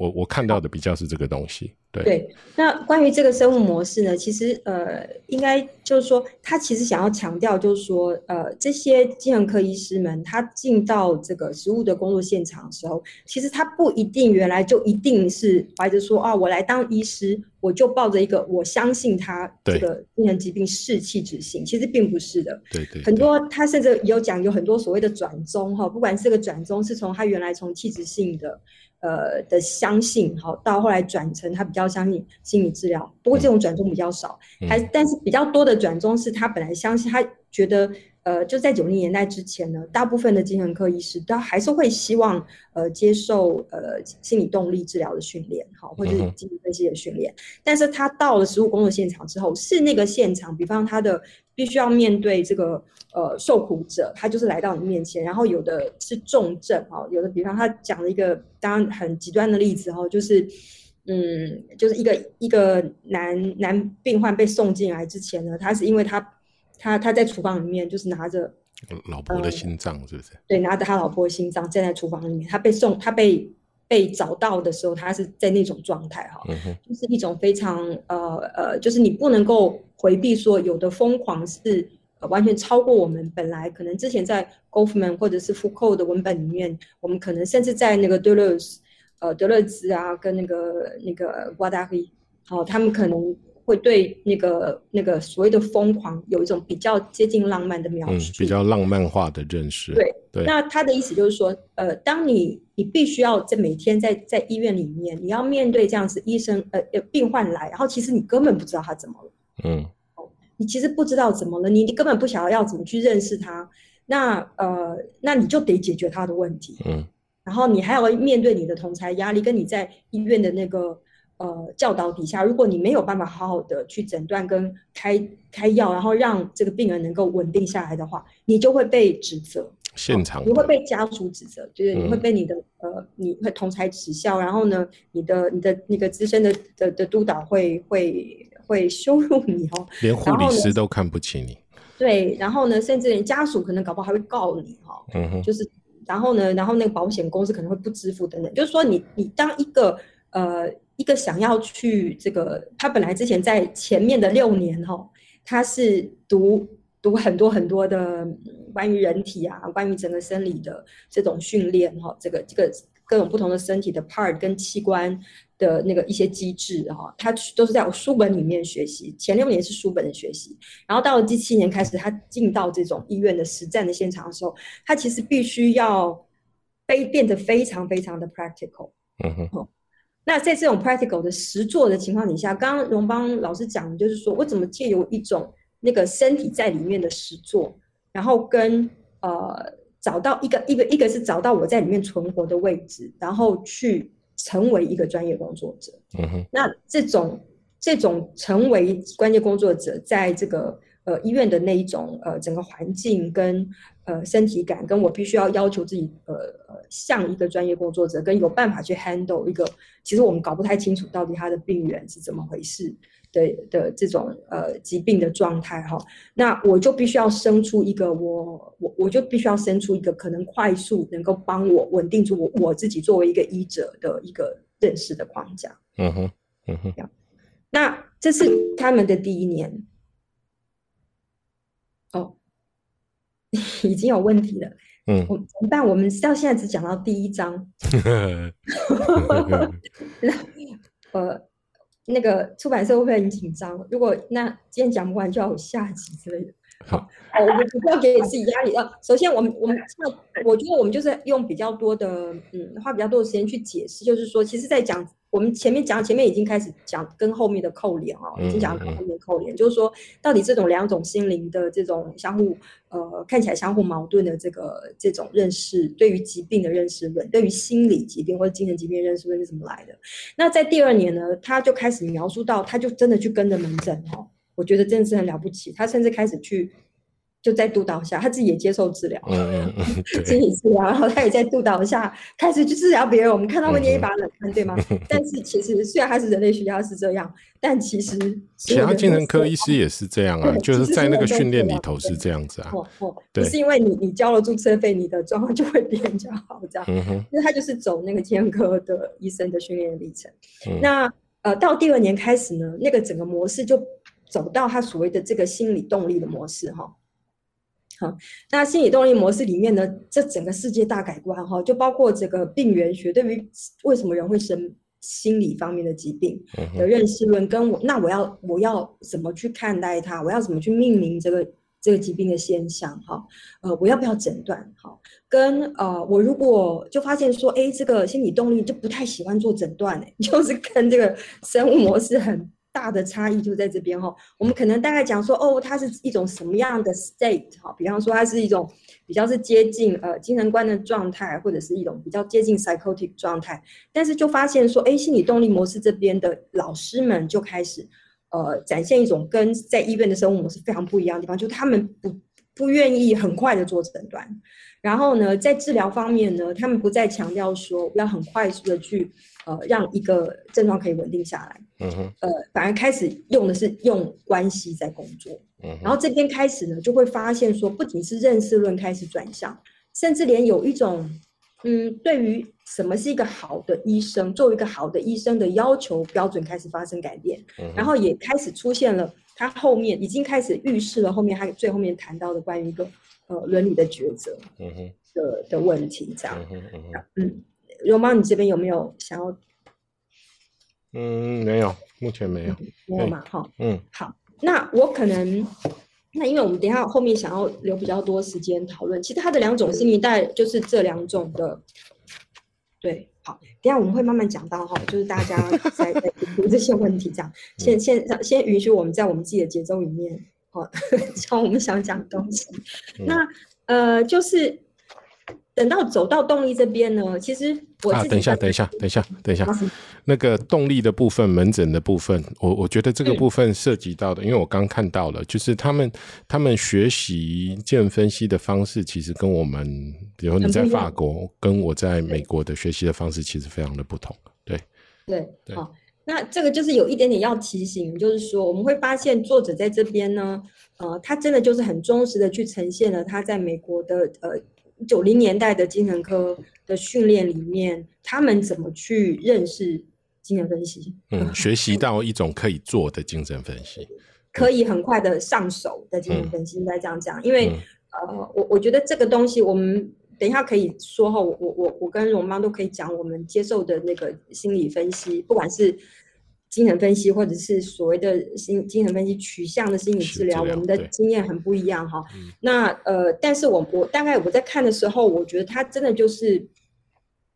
我我看到的比較是這個東西，對。對，那關於這個生物模式呢，其實呃，應該就是說，他其實想要強調，就是說，呃，這些精神科醫師們，他進到這個實務的工作現場的時候，其實他不一定原來就一定是懷着說啊，我來當醫師，我就抱着一個我相信他這個精神疾病是器質性，對其實並不是的。對，對對。很多他甚至有講，有很多所謂的轉中哈，不管這個轉中，是從他原來從器質性的。呃的相信，好，到後來轉成他比較相信心理治療，不過這種轉中比較少，嗯、還是但是比較多的轉中是他本來相信他覺得，呃，就在九零年代之前呢，大部分的精神科醫師都還是會希望呃接受呃心理動力治療的訓練，好，或者是精神分析的訓練，嗯、哼但是他到了實務工作現場之後，是那個現場，比方他的。必須要面對這個呃受苦者，他就是來到你面前，然後有的是重症哦，有的，比方他講了一個當然很極端的例子哈，就是嗯，就是一個一個男男病患被送進來之前呢，他是因為他他他在廚房裡面就是拿着老婆的心臟是不是？對，拿着他老婆的心臟站在廚房裡面，他被送他被。被找到的時候，他是在那種狀態哈，嗯、哼就是一種非常呃呃，就是你不能夠回避說有的瘋狂是、呃、完全超過我們本來可能之前在 Goffman 或者是 Foucault 的文本裡面，我們可能甚至在那個德勒斯呃德勒茲啊跟那個那個瓜達利哦，他們可能。會對那個那個所謂的瘋狂有一種比較接近浪漫的描述，嗯、比較浪漫化的認識。對對，對那他的意思就是說，呃，當你你必須要在每天在在醫院裡面，你要面對這樣子醫生呃呃病患來，然後其實你根本不知道他怎麼了，嗯，你其實不知道怎麼了，你你根本不想要要怎麼去認識他，那呃那你就得解決他的問題，嗯，然後你還要面對你的同儕壓力，跟你在醫院的那個。呃，教導底下，如果你沒有辦法好好的去診斷跟開開藥，然後讓這個病人能夠穩定下來的話，你就會被指責。現場，哦，你會被家屬指責，就是你會被你的、嗯、呃，你會同儕恥笑，然後呢，你的你的那個資深的的的督導會會會羞辱你哦。連護理師都看不起你。對，然後呢，甚至連家屬可能搞不好還會告你哈、哦。嗯哼。就是，然後呢，然後那個保險公司可能會不支付等等。就是說你，你你當一個呃。一個想要去這個，他本來之前在前面的六年哦，他是讀讀很多很多的關於人體啊，關於整個生理的這種訓練哈，這個這個各種不同的身體的 part 跟器官的那個一些機制哈，他都是在我書本裡面學習。前六年是書本的學習，然後到了第七年開始，他進到這種醫院的實戰的現場的時候，他其實必須要被變得非常非常的 practical，嗯哼。那在這種 practical 的實作的情況底下，剛剛榮邦老師講，就是說我怎麼借由一種那個身體在裡面的實作，然後跟呃找到一個一個一個是找到我在裡面存活的位置，然後去成為一個專業工作者。嗯哼。那這種這種成為專業工作者，在這個。呃，醫院的那一種呃，整個環境跟呃身體感，跟我必須要要求自己呃像一個專業工作者，跟有辦法去 handle 一個，其實我們搞不太清楚到底他的病源是怎麼回事的的這種呃疾病的狀態哈。那我就必須要生出一個我我我就必須要生出一個可能快速能夠幫我穩定住我我自己作為一個醫者的一個認識的框架。嗯哼，嗯哼，這樣。那這是他們的第一年。哦，已經有問題了。嗯，我我們到現在只講到第一章 那。呃，那個出版社會不會很緊張？如果那今天講不完，就要有下集之類的。好，我們不要好、哦、我不要給你自己壓力。啊首先我們，我們我們我覺得我們就是用比較多的，嗯，花比較多的時間去解釋，就是說，其實在講。我們前面講，前面已經開始講跟後面的扣連哦，已經講跟後面的扣連，嗯嗯就是說到底這種兩種心靈的這種相互，呃，看起來相互矛盾的這個這種認識，對於疾病的認識論，對於心理疾病或者精神疾病認識論是怎麼來的？那在第二年呢，他就開始描述到，他就真的去跟着門診哦，我覺得真的是很了不起，他甚至開始去。就在督導下，他自己也接受治療，心理、嗯嗯、治療，然後他也在督導下開始去治療別人。我們看到會捏一把冷汗，嗯、哼對嗎？但是其實雖然他是人類學家是這樣，但其實其他精神科醫師也是這樣啊，啊對就是在那個訓練裡頭是這樣子啊。不是因為你你交了注冊費，你的狀況就會比較好，這樣。那、嗯、哼他就是走那個精神科的醫生的訓練的歷程。嗯、那呃，到第二年開始呢，那個整個模式就走到他所謂的這個心理動力的模式哈。嗯好，那心理動力模式裡面呢，這整個世界大改觀哈、哦，就包括這個病原學，對於為什麼人會生心理方面的疾病、嗯、哼的認識論，跟我那我要我要怎麼去看待它？我要怎麼去命名這個這個疾病的現象？哈、哦，呃，我要不要診斷？哈、哦，跟呃，我如果就發現說，哎，這個心理動力就不太喜歡做診斷、欸，哎，就是跟這個生物模式很。嗯大的差異就在這邊哈，我們可能大概講說，哦，它是一種什麼樣的 state 哈，比方說它是一種比較是接近呃精神觀的狀態，或者是一種比較接近 psychotic 狀態，但是就發現說，哎，心理動力模式這邊的老師們就開始呃展現一種跟在醫院的生物模式非常不一樣的地方，就他們不不願意很快的做診斷，然後呢，在治療方面呢，他們不再強調說要很快速的去呃讓一個症狀可以穩定下來。嗯哼，呃，反而開始用的是用關係在工作，嗯哼，然後這邊開始呢，就會發現說，不僅是認識論開始轉向，甚至連有一種，嗯，對於什麼是一個好的醫生，作為一個好的醫生的要求標準開始發生改變，嗯哼，然後也開始出現了，他後面已經開始預示了後面還最後面談到的關於一個呃倫理的抉擇的，嗯哼，的的問題，這樣，嗯，哼嗯，哼嗯，榮邦，你這邊有沒有想要？嗯，沒有，目前沒有。嗯、沒有嘛？哈嘿，嗯，好。那我可能，那因為我們等一下後面想要留比較多時間討論，其實它的兩種心靈帶就是這兩種的。對，好，等下我們會慢慢講到哈，就是大家在在讀這些問題這樣。 先先先允許我們在我們自己的節奏裡面，哦，講我們想講的東西。那呃，就是。等到走到動力這邊呢，其實我等一下，等一下，等一下，等一下， 那個動力的部分，門診的部分，我我覺得這個部分涉及到的，對因為我剛看到了，就是他們他們學習見分析的方式，其實跟我們比如你在法國，跟我在美國的學習的方式，其實非常的不同。對，對，對，對。好，那這個就是有一點點要提醒，就是說我們會發現作者在這邊呢，呃，他真的就是很忠實的去呈現了他在美國的呃。九零年代的精神科的訓練裡面，他們怎麼去認識精神分析？嗯，學習到一種可以做的精神分析， 可以很快的上手的精神分析。應該、嗯、這樣講，因為、嗯、呃，我我覺得這個東西，我們等一下可以說後，我我我跟榮邦都可以講，我們接受的那個心理分析，不管是，精神分析，或者是所謂的心，精神分析取向的心理治療，我們的經驗很不一樣哈對。那呃，但是我我大概我在看的時候，我覺得他真的就是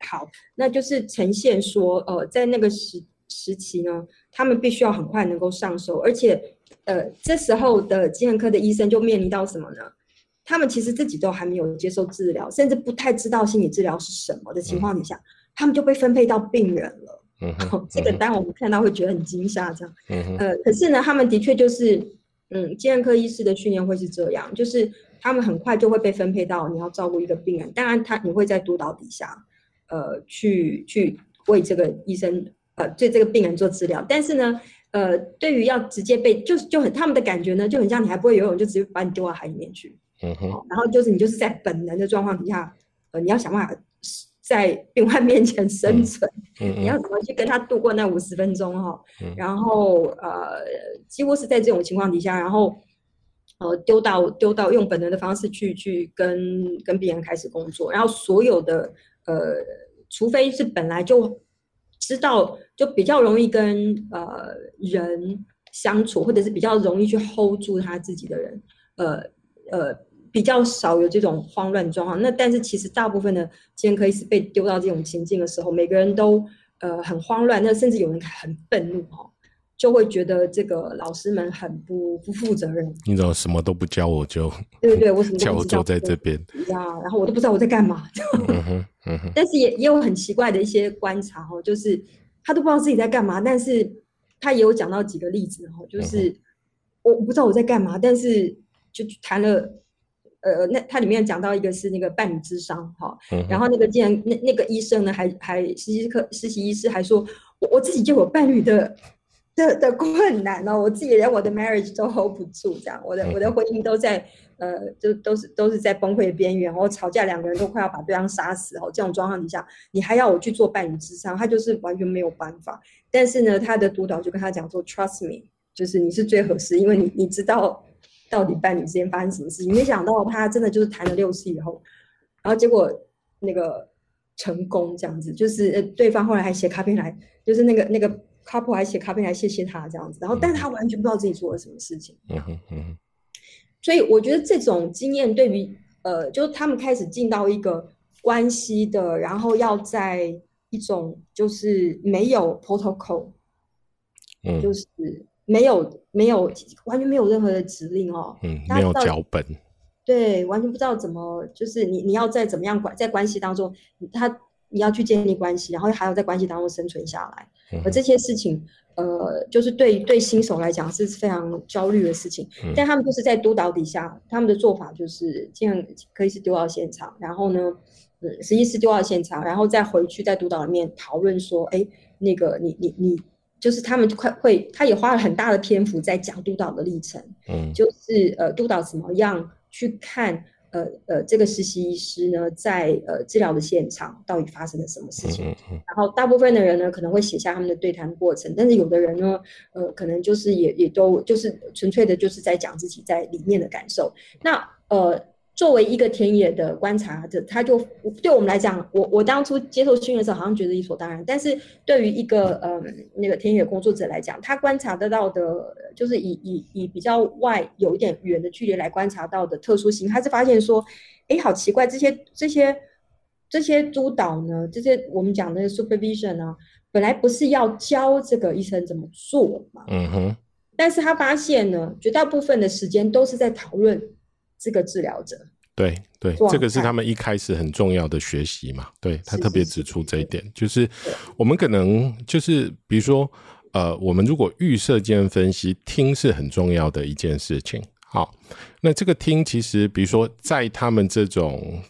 好，那就是呈現說，呃，在那個時時期呢，他們必須要很快能夠上手，而且呃，這時候的精神科的醫生就面臨到什麼呢？他們其實自己都還沒有接受治療，甚至不太知道心理治療是什麼的情況底下，嗯、他們就被分配到病人了。嗯哼，嗯哼，這個當我們看到會覺得很驚嚇，這樣。嗯哼。呃，可是呢，他們的確就是，嗯，精神科醫師的訓練會是這樣，就是他們很快就會被分配到，你要照顧一個病人，當然他你會在督導底下，呃，去去為這個醫生，呃，對這個病人做治療。但是呢，呃，對於要直接被，就是就很他們的感覺呢，就很像你還不會游泳，就直接把你丟到海裡面去。呃、嗯哼。然後就是你就是在本能的狀況底下，呃，你要想辦法。在病患面前生存，嗯，嗯嗯、 你要怎麼去跟他度過那五十分鐘哈、哦嗯？然後呃，幾乎是在這種情況底下，然後呃，丟到丟到用本能的方式去去跟跟病人開始工作，然後所有的呃，除非是本來就知道就比較容易跟呃人相處，或者是比較容易去 hold 住他自己的人，呃呃。比較少有這種慌亂狀況，那但是其實大部分的精神科醫師被丟到這種情境的時候，每個人都呃很慌亂，那甚至有人很憤怒哈、哦，就會覺得這個老師們很不不負責任。你知道什麼都不教我就？對對對，我什麼都不教我坐在這邊。啊，然後我都不知道我在幹嘛。嗯嗯、但是也也有很奇怪的一些觀察哈、哦，就是他都不知道自己在幹嘛，但是他也有講到幾個例子哈、哦，就是我不知道我在幹嘛，嗯、哼但是就談了。呃，那它裡面講到一個是那個伴侶諮商，哈、哦，嗯、然後那個竟然那那個醫生呢，還還實習科實習醫師還說，我我自己就有伴侶的的的困難呢，我自己連我的 marriage 都 hold 不住，這樣，我的我的婚姻都在呃，就都是都是在崩潰的邊緣，我吵架兩個人都快要把對方殺死，哦，這種狀況底下，你還要我去做伴侶諮商，他就是完全沒有辦法。但是呢，他的督導就跟他講說，trust me，就是你是最合適，因為你你知道。到底伴侶之間發生什麼事情？沒想到他真的就是談了六次以後，然後結果那個成功這樣子，就是對方後來還寫卡片來，就是那個那個 couple 還寫卡片來謝謝他這樣子。然後，但他完全不知道自己做了什麼事情。所以我覺得這種經驗對比，呃，就是他們開始進到一個關係的，然後要在一種就是沒有 protocol，嗯，就是。沒有沒有，完全沒有任何的指令哦。嗯，沒有腳本。對，完全不知道怎麼，就是你你要在怎麼樣管，在關係當中，他你要去建立關係，然後還要在關係當中生存下來。嗯、哼而這些事情，呃，就是對對新手來講是非常焦慮的事情。嗯、但他們就是在督導底下，他們的做法就是這樣，可以是丟到現場，然後呢，嗯、呃，實際是丟到現場，然後再回去在督導裡面討論說，哎，那個你你你。你你就是他們快會，他也花了很大的篇幅在講督導的歷程。嗯，就是呃，督導怎麼樣去看，呃呃，這個實習醫師呢，在呃治療的現場到底發生了什麼事情？嗯嗯，然後大部分的人呢，可能會寫下他們的對談過程，但是有的人呢，呃，可能就是也也都就是純粹的，就是在講自己在裡面的感受。那呃。作為一個田野的觀察者，他就對我們來講，我我當初接受訓練的時候，好像覺得理所當然。但是對於一個嗯、呃、那個田野工作者來講，他觀察得到的，就是以以以比較外有一點遠的距離來觀察到的特殊性，他是發現說，哎、欸，好奇怪，這些這些這些督導呢，這些我們講的 supervision 呢、啊，本來不是要教這個醫生怎麼做嘛，嗯哼，但是他發現呢，絕大部分的時間都是在討論。這個治療者，對對，對這個是他們一開始很重要的學習嘛。對他特別指出這一點，是是是就是我們可能就是，比如說，對呃，我們如果預設精神分析，聽是很重要的一件事情。好，那這個聽，其實比如說在他們這種。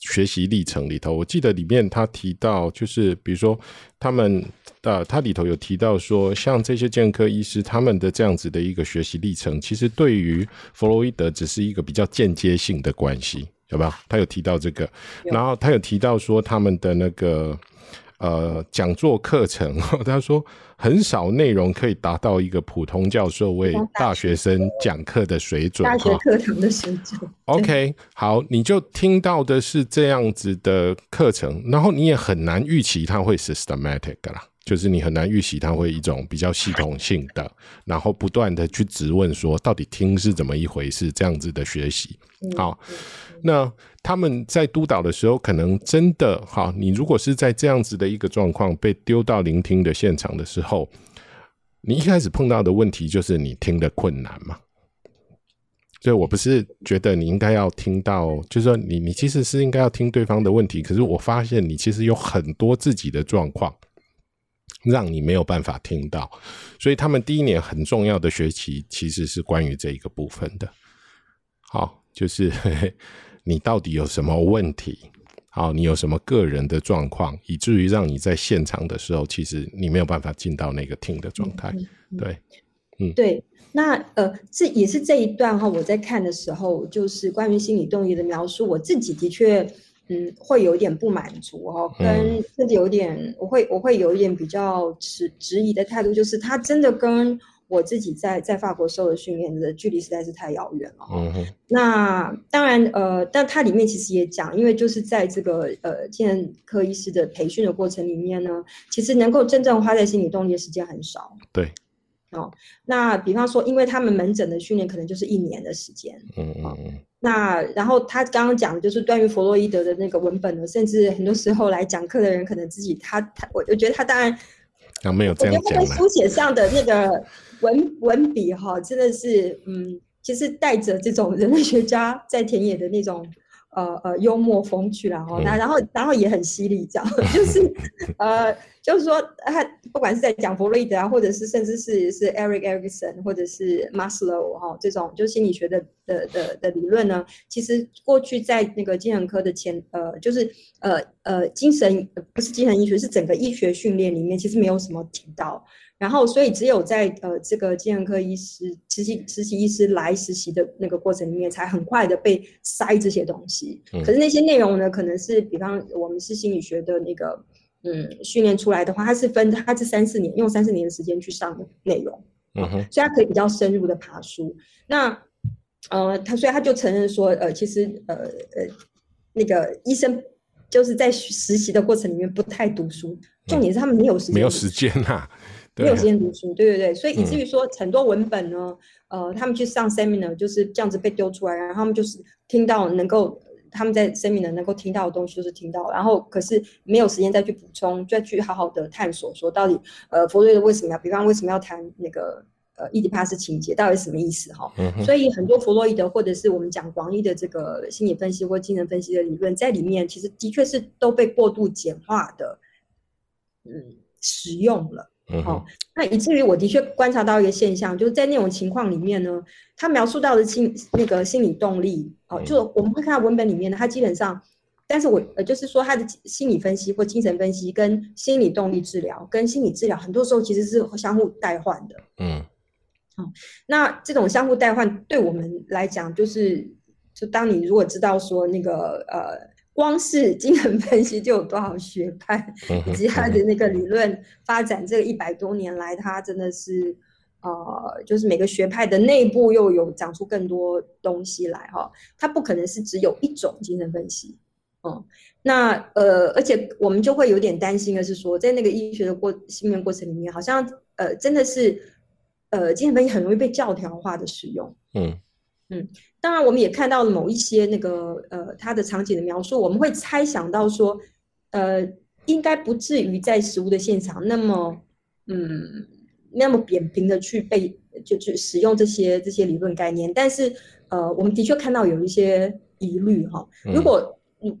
學習歷程裡頭，我記得裡面他提到，就是比如說他們的、呃，他裡頭有提到說，像這些劍科醫師他們的這樣子的一個學習歷程，其實對於弗洛伊德只是一個比較間接性的關係，有沒有？他有提到這個，然後他有提到說他們的那個呃講座課程，他說。很少內容可以達到一個普通教授為大學生講課的水準，大學課堂好的水準。OK，好，你就聽到的是這樣子的課程，然後你也很難預期它會 systematic 啦，就是你很難預期它會一種比較系統性的，然後不斷的去質問說到底聽是怎麼一回事這樣子的學習。好，那他們在督導的時候，可能真的哈，你如果是在這樣子的一個狀況被丟到聆聽的現場的時候。後，你一開始碰到的問題就是你聽的困難嘛。所以我不是覺得你應該要聽到，就是說你你其實是應該要聽對方的問題，可是我發現你其實有很多自己的狀況，讓你沒有辦法聽到。所以他們第一年很重要的學習其實是關於這一個部分的。好，就是嘿嘿， 你到底有什麼問題？好，你有什麼個人的狀況，以至於讓你在現場的時候，其實你沒有辦法進到那個聽的狀態？嗯嗯、對，嗯，對。那呃，這也是這一段哈、哦，我在看的時候，就是關於心理動力的描述，我自己的確，嗯，會有點不滿足哈、哦，跟甚至有點，嗯、我會我會有一點比較持質疑的態度，就是他真的跟。我自己在在法國受的訓練的距離實在是太遙遠了。嗯、哼那當然，呃，但它裡面其實也講，因為就是在這個呃精神科醫師的培訓的過程裡面呢，其實能夠真正花在心理動力的時間很少。對。哦，那比方說，因為他們門診的訓練可能就是一年的時間。嗯嗯嗯。那然後他剛剛講的就是關於弗洛伊德的那個文本呢，甚至很多時候來講課的人可能自己他他，我我覺得他當然，啊、沒有這樣講。我覺得他們書寫上的那個。 文文筆哈，真的是嗯，其實帶着這種人類學家在田野的那種呃呃幽默風趣，然後那然後然後也很犀利，這樣就是呃就是說他不管是在講弗洛伊德啊，或者是甚至是是 Erik Erikson 或者是 Maslow 哈這種就心理學的的的的理論呢，其實過去在那個精神科的前呃就是呃呃精神不是精神醫學，是整個醫學訓練裡面其實沒有什麼提到。然後，所以只有在呃這個精神科醫師實習實習醫師來實習的那個過程裡面，才很快的被塞這些東西。嗯、可是那些內容呢，可能是比方我們是心理學的那個，嗯，訓練出來的話，它是分它是三四年用三四年的時間去上的內容。嗯哼。所以它可以比較深入的爬梳。那呃，他所以他就承認說，呃，其實呃呃那個醫生就是在實習的過程裡面不太讀書。重點是他們沒有時間、嗯、沒有時間啊。對沒有時間讀書，對對對，所以以至於說很多文本呢，嗯、呃，他們去上 seminar 就是這樣子被丟出來，然後他們就是聽到能夠他們在 seminar 能夠聽到的東西就是聽到，然後可是沒有時間再去補充，再去好好的探索說到底，呃，弗洛伊德為什麼要，比方為什麼要談那個呃，伊底帕斯情結到底什麼意思哈、哦？嗯、哼所以很多弗洛伊德或者是我們講廣義的這個心理分析或精神分析的理論，在裡面其實的確是都被過度簡化的，嗯，使用了。好、嗯哦，那以至於我的確觀察到一個現象，就是在那種情況裡面呢，他描述到的心那個心理動力，哦，嗯、哼就我們會看到文本裡面呢，他基本上，但是我呃，就是說他的心理分析或精神分析跟心理動力治療跟心理治療很多時候其實是相互代換的。嗯，好、哦，那這種相互代換對我們來講，就是就當你如果知道說那個呃。光是精神分析就有多少學派，以及它的那個理論發展，嗯、哼發展這一百多年來，它真的是，呃，就是每個學派的內部又有長出更多東西來哈、哦，它不可能是只有一種精神分析。嗯，那呃，而且我們就會有點擔心的是說，在那個醫學的過訓練過程裡面，好像呃真的是，呃，精神分析很容易被教條化的使用。嗯。嗯，當然，我們也看到了某一些那個呃，它的場景的描述，我們會猜想到說，呃，應該不至於在實務的現場那麼，嗯，那麼扁平的去被就去使用這些這些理論概念，但是呃，我們的確看到有一些疑慮哈、哦，如果。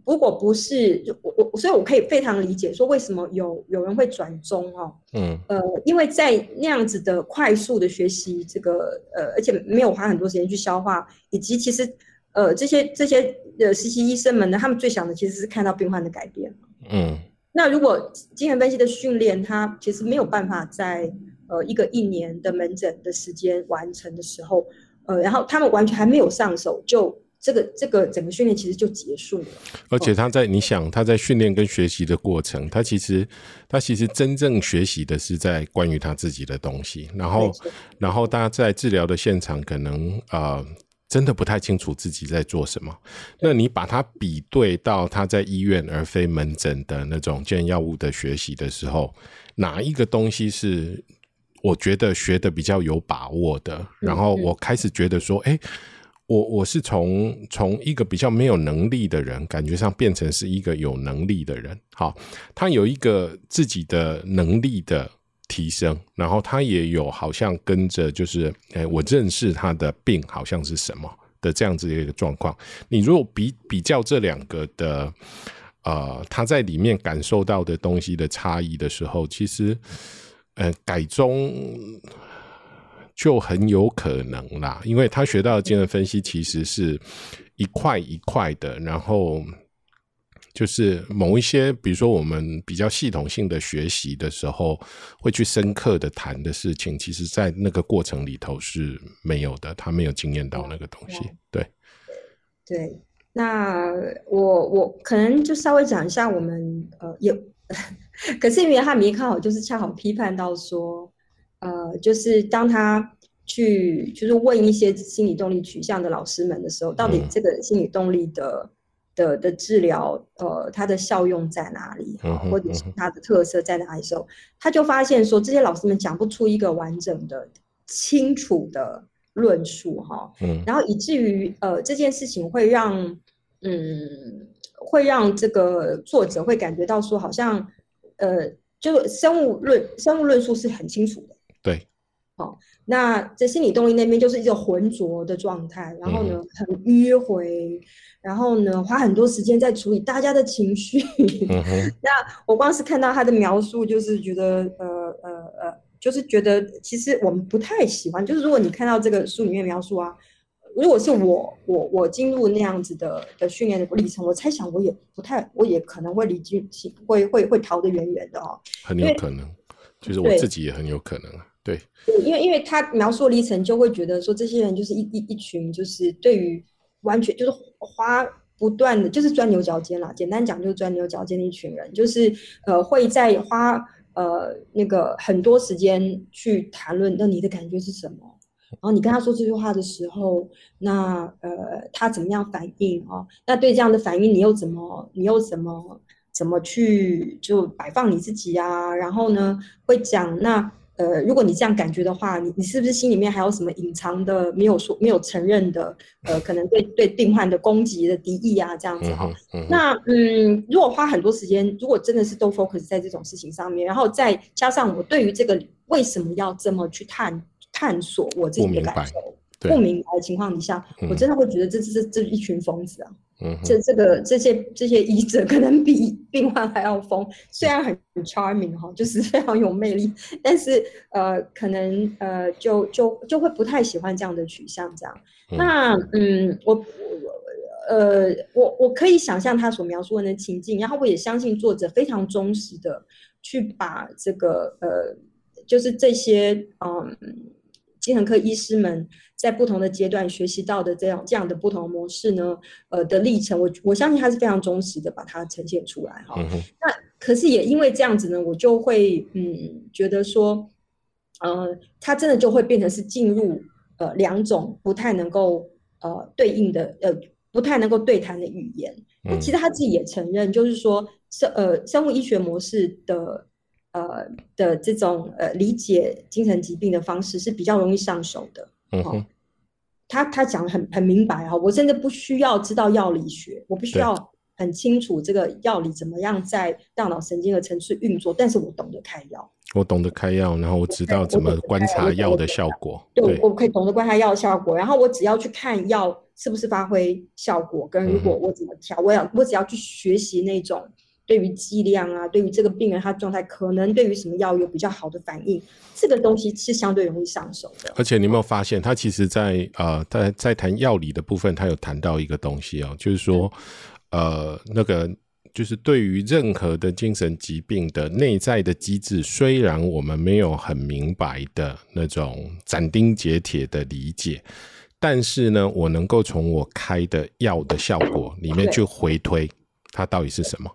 如果不是我我，所以我可以非常理解說為什麼有有人會轉中哦，嗯，呃，因為在那樣子的快速的學習，這個呃，而且沒有花很多時間去消化，以及其實呃這些這些呃實習醫生們呢，他們最想的其實是看到病患的改變，嗯，那如果精神分析的訓練，他其實沒有辦法在呃一個一年的門診的時間完成的時候，呃，然後他們完全還沒有上手就。這個這個整個訓練其實就結束了，而且他在你想，他在訓練跟學習的過程，他其實他其實真正學習的是在關於他自己的東西，然後然後大家在治療的現場可能呃真的不太清楚自己在做什麼，那你把他比對到他在醫院而非門診的那種健藥物的學習的時候，哪一個東西是我覺得學得比較有把握的，然後我開始覺得說哎。嗯嗯誒我我是從從一個比較沒有能力的人，感覺上變成是一個有能力的人，好，他有一個自己的能力的提升，然後他也有好像跟着就是，哎，我認識他的病好像是什麼的這樣子一個狀況。你如果比比較這兩個的，呃，他在裡面感受到的東西的差異的時候，其實，呃，改宗。就很有可能啦，因為他學到的精神分析其實是一塊一塊的，嗯、然後就是某一些，比如說我們比較系統性的學習的時候，會去深刻的談的事情，其實在那個過程裡頭是沒有的，他沒有經驗到那個東西。嗯嗯、對對，那我我可能就稍微講一下，我們呃有，可是因為哈米看好就是恰好批判到說。呃，就是當他去，就是問一些心理動力取向的老師們的時候，到底這個心理動力的、嗯、的的、的治療，呃，它的效用在哪裡，哈，或者是它的特色在哪裡時候，他就發現說，這些老師們講不出一個完整的、清楚的論述，哈，嗯、然後以至於呃這件事情會讓，嗯，會讓這個作者會感覺到說，好像，呃，就生物論生物論述是很清楚的。好、哦，那在心理動力那邊就是一種渾濁的狀態，然後呢，很迂回，然後呢，花很多時間在處理大家的情緒。嗯、哼 那我光是看到他的描述，就是覺得呃呃呃，就是覺得其實我們不太喜歡。就是如果你看到這個書裡面描述啊，如果是我我我進入那樣子的的訓練的歷程，我猜想我也不太，我也可能會離去，會會會逃得遠遠的哦。很有可能，對就是我自己也很有可能對，因為因為他描述歷程，就會覺得說，這些人就是一一一群，就是對於完全就是花不斷的，就是鑽牛角尖啦。簡單講，就是鑽牛角尖的一群人，就是呃，會再花呃那個很多時間去談論，那你的感覺是什麼。然後你跟他說這句話的時候，那呃他怎麼樣反應哦？那對這樣的反應你，你又怎麼你又怎麼怎麼去就擺放你自己啊？然後呢，會講那。呃，如果你這樣感覺的話，你你是不是心裡面還有什麼隱藏的沒有說、沒有承認的？呃，可能對對病患的攻擊的敵意啊，這樣子哈。嗯嗯那嗯，如果花很多時間，如果真的是都 focus 在這種事情上面，然後再加上我對於這個為什麼要這麼去探探索我自己的感受，不明，不明白的情況底下，嗯、我真的會覺得這，這是這，這是這這一群瘋子啊。這這個這些這些醫者可能比病患還要瘋，雖然很 charming 哈，就是非常有魅力，但是呃，可能呃，就就就會不太喜歡這樣的取向這樣。那嗯，我我呃，我我可以想象他所描述的那情境，然後我也相信作者非常忠實的去把這個呃，就是這些嗯。精神科醫師們在不同的階段學習到的這樣這樣的不同的模式呢，呃的歷程，我我相信他是非常忠實的把它呈現出來哈。嗯、哼那可是也因為這樣子呢，我就會嗯覺得說，呃，他真的就會變成是進入呃兩種不太能夠呃對應的呃不太能夠對談的語言。那、嗯、其實他自己也承認，就是說生呃生物醫學模式的。呃的這種呃理解精神疾病的方式是比較容易上手的。哦、嗯哼，他他講很很明白哈，哦，我甚至不需要知道藥理學，我不需要很清楚這個藥理怎麼樣在大腦神經的層次運作，對但是我懂得開藥，我懂得開藥，然後我知道怎麼觀察藥的效果。對，效果對，對，我可以懂得觀察藥的效果，然後我只要去看藥是不是發揮效果，跟如果我怎麼調，嗯、哼我要我只要去學習那種。對於劑量啊，對於這個病人他狀態，可能對於什麼藥有比較好的反應，這個東西是相對容易上手的。而且你有沒有發現，他其實在，在呃，在在談藥理的部分，他有談到一個東西哦，就是說，對呃，那個就是對於任何的精神疾病的內在的機制，雖然我們沒有很明白的那種斬釘截鐵的理解，但是呢，我能夠從我開的藥的效果裡面去回推。它到底是什麼？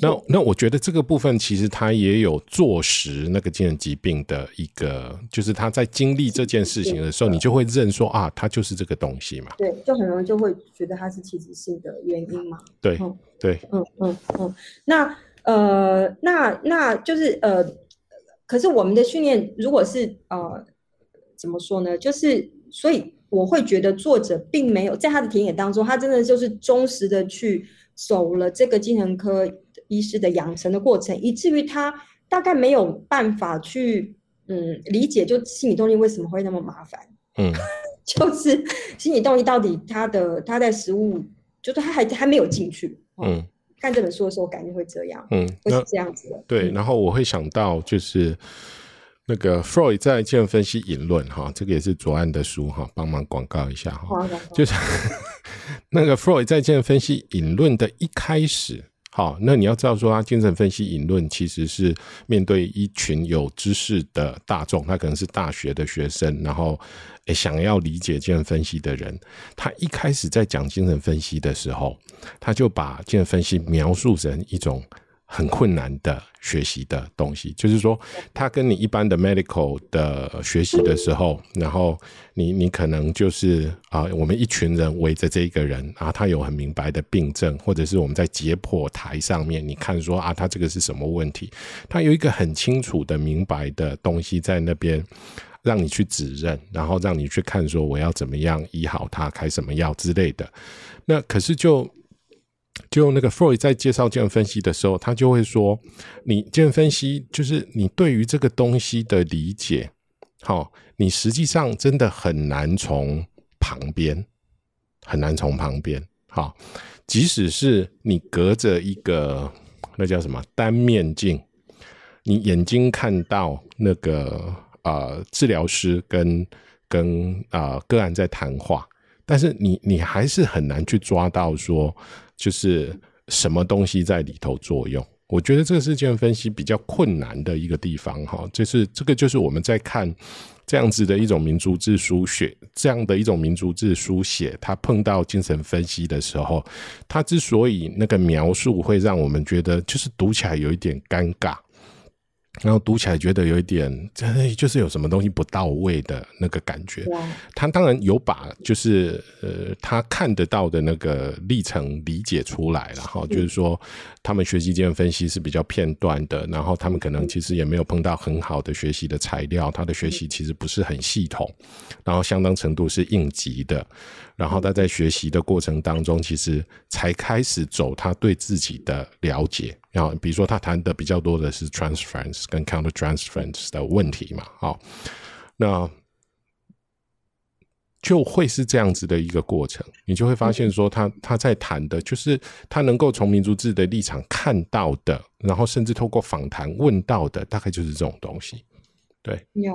那那我覺得這個部分其實他也有坐實那個精神疾病的一個，就是他在經歷這件事情的時候，你就會認說對啊，它就是這個東西嘛。對，就很容易就會覺得它是器質性的原因嘛。對對嗯嗯嗯。那呃那那就是呃，可是我們的訓練如果是呃怎麼說呢？就是所以我會覺得作者並沒有在他的田野當中，他真的就是忠實的去。走了這個精神科醫師的養成的過程，以至於他大概沒有辦法去嗯理解，就心理動力為什麼會那麼麻煩，嗯， 就是心理動力到底他的他在食物，就是他還還沒有進去，哦、嗯，看這本書的時候感覺會這樣，嗯，會是這樣子的，對，嗯、然後我會想到就是。那個 Freud 在精神分析引論哈，這個也是左岸的書哈，幫忙廣告一下哈。啊啊啊、就是那個 Freud 在精神分析引論的一開始，哈，那你要知道說，他精神分析引論其實是面對一群有知識的大眾，他可能是大學的學生，然後想要理解精神分析的人，他一開始在講精神分析的時候，他就把精神分析描述成一種。很困難的學習的東西，就是說，他跟你一般的 medical 的學習的時候，然後你你可能就是啊，我們一群人圍着這一個人啊，他有很明白的病症，或者是我們在解剖台上面，你看說啊，他這個是什麼問題？他有一個很清楚的明白的東西在那邊讓你去指認，然後讓你去看說我要怎麼樣醫好他，開什麼藥之類的。那可是就。就那個 Freud 在介紹精神分析的時候，他就會說：“你精神分析就是你對於這個東西的理解，好，你實際上真的很難從旁邊，很難從旁邊，好，即使是你隔着一個那叫什麼單面鏡，你眼睛看到那個啊、呃，治療師跟跟啊、呃、個案在談話，但是你你還是很難去抓到說。”就是什麼東西在裡頭作用？我覺得這個精神分析比較困難的一個地方就是這個，就是我們在看這樣子的一種民族誌書寫，這樣的一種民族誌書寫，它碰到精神分析的時候，它之所以那個描述會讓我們覺得就是讀起來有一點尷尬。然後讀起來覺得有一點，就是有什麼東西不到位的那個感覺。他當然有把，就是呃，他看得到的那個歷程理解出來了。然後就是說，他們學習精神分析是比較片段的，然後他們可能其實也沒有碰到很好的學習的材料，他的學習其實不是很系統，然後相當程度是應急的。然後他在學習的過程當中，其實才開始走他對自己的了解。然後比如說他談的比較多的是 transference 跟 countertransference 的問題嘛，好，那就會是這樣子的一個過程。你就會發現說，他他在談的就是他能夠從民族志的立場看到的，然後甚至透過訪談問到的，大概就是這種東西。對，有，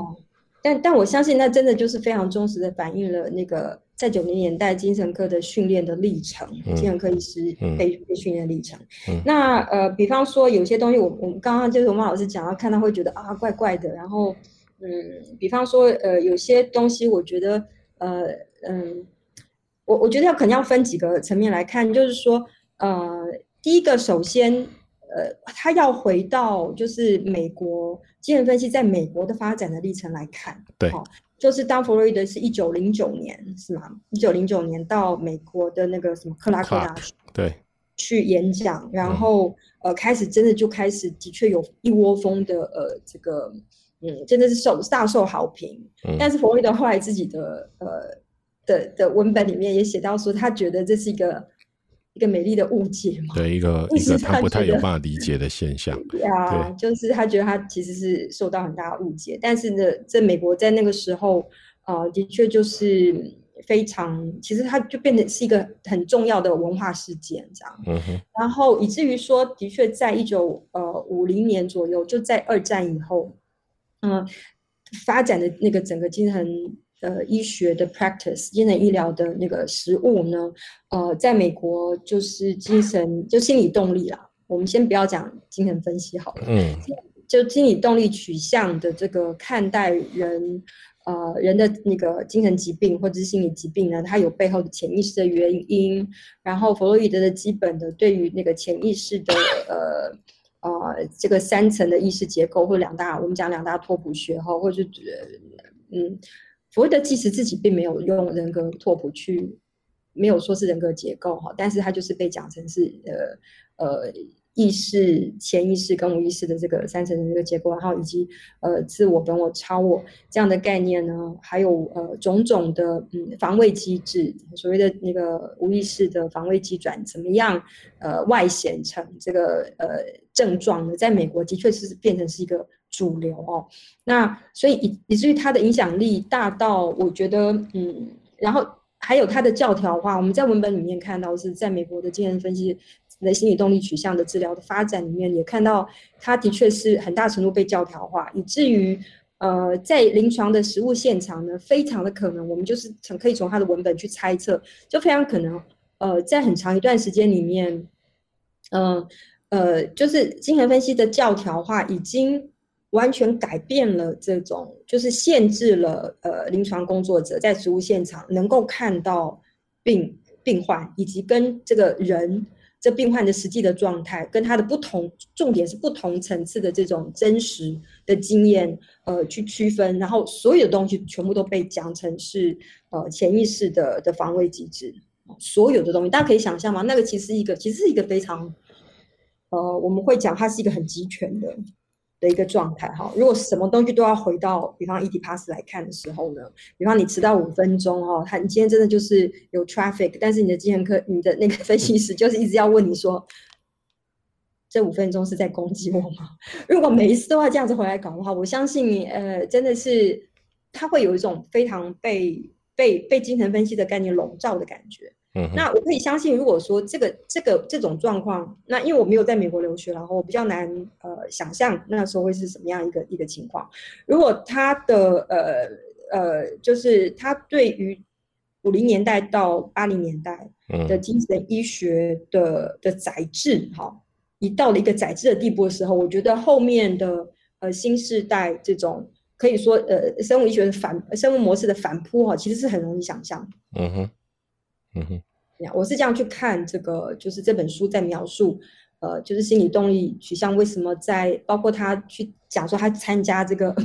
但但我相信那真的就是非常忠實的反映了那個。在九零年代，精神科的訓練的歷程，精神科醫師被被訓練歷程。嗯嗯嗯、那呃，比方說有些東西，我我們剛剛就是我們老師講，看到會覺得啊，怪怪的。然後，嗯，比方說呃，有些東西我覺得，呃，嗯，我我覺得要肯定要分幾個層面來看，就是說，呃，第一個，首先。呃，他要回到就是美國精神分析在美國的發展的歷程來看，對、哦，就是當弗洛伊德，是一九零九年是嗎？一九零九年到美國的那個什麼克拉克大學對去演講，然後、嗯、呃，開始真的就開始的確有一窩蜂的呃，這個嗯真的是受大受好評，嗯、但是弗洛伊德後來自己的呃的的文本裡面也寫到說，他覺得這是一個。一個美麗的誤解嘛，對，一個一個他不太有辦法理解的現象。對啊，對，就是他覺得他其實是受到很大的誤解，但是呢，在美國在那個時候，呃，的確就是非常，其實它就變成是一個很重要的文化事件，這樣。嗯哼。然後以至於說，的確在一九呃五零年左右，就在二戰以後，嗯、呃，發展的那個整個平衡。呃，醫學的 practice 精神醫療的那個實務呢，呃，在美國就是精神就心理動力啦。我們先不要講精神分析好了，嗯，就心理動力取向的這個看待人，呃，人的那個精神疾病或者是心理疾病呢，它有背後的潛意識的原因。然後弗洛伊德的基本的對於那個潛意識的，呃，呃，這個三層的意識結構或兩大，我們講兩大拓撲學哈，或者嗯。所謂的其實自己並沒有用人格拓撲去，沒有說是人格結構哈，但是他就是被講成是呃呃意識、潛意識跟無意識的這個三層的這個結構，然後以及呃自我、本我、超我這樣的概念呢，還有呃種種的嗯防衛機制，所謂的那個無意識的防衛機轉怎麼樣呃外顯成這個呃症狀呢？在美國的確是變成是一個。主流哦，那所以以以至於它的影響力大到，我覺得嗯，然後還有它的教條化，我們在文本裡面看到是在美國的精神分析的心理動力取向的治療的發展裡面，也看到它的確是很大程度被教條化，以至於呃，在臨床的實務現場呢，非常的可能，我們就是從可以從它的文本去猜測，就非常可能呃，在很長一段時間裡面，嗯呃，呃，就是精神分析的教條化已經。完全改變了這種，就是限制了呃，臨床工作者在植物現場能夠看到病病患，以及跟這個人這病患的實際的狀態，跟他的不同重點是不同層次的這種真實的經驗，呃，去區分，然後所有的東西全部都被講成是呃潛意識的的防衛機制，所有的東西大家可以想象嗎？那個其實一個其實是一個非常呃，我們會講它是一個很集權的。的一個狀態哈，如果什麼東西都要回到，比方一體 pass 來看的時候呢，比方你遲到五分鐘哦，他你今天真的就是有 traffic，但是你的精神科你的那個分析師就是一直要問你說，這五分鐘是在攻擊我嗎？如果每一次都要這樣子回來搞的話，我相信你呃真的是他會有一種非常被被被精神分析的概念籠罩的感覺。那我可以相信，如果說這個這個這種狀況，那因為我沒有在美國留學，然後我比較難呃想象那時候會是什麼樣一個一個情況。如果他的呃呃，就是他對於五零年代到八零年代的精神醫學的的宰制，哈、哦，已到了一個宰制的地步的時候，我覺得後面的呃新世代這種可以說呃生物醫學的反生物模式的反撲哈，其實是很容易想象。嗯哼。嗯 我是這樣去看這個，就是這本書在描述，呃，就是心理動力取向為什麼在，包括他去講說他參加這個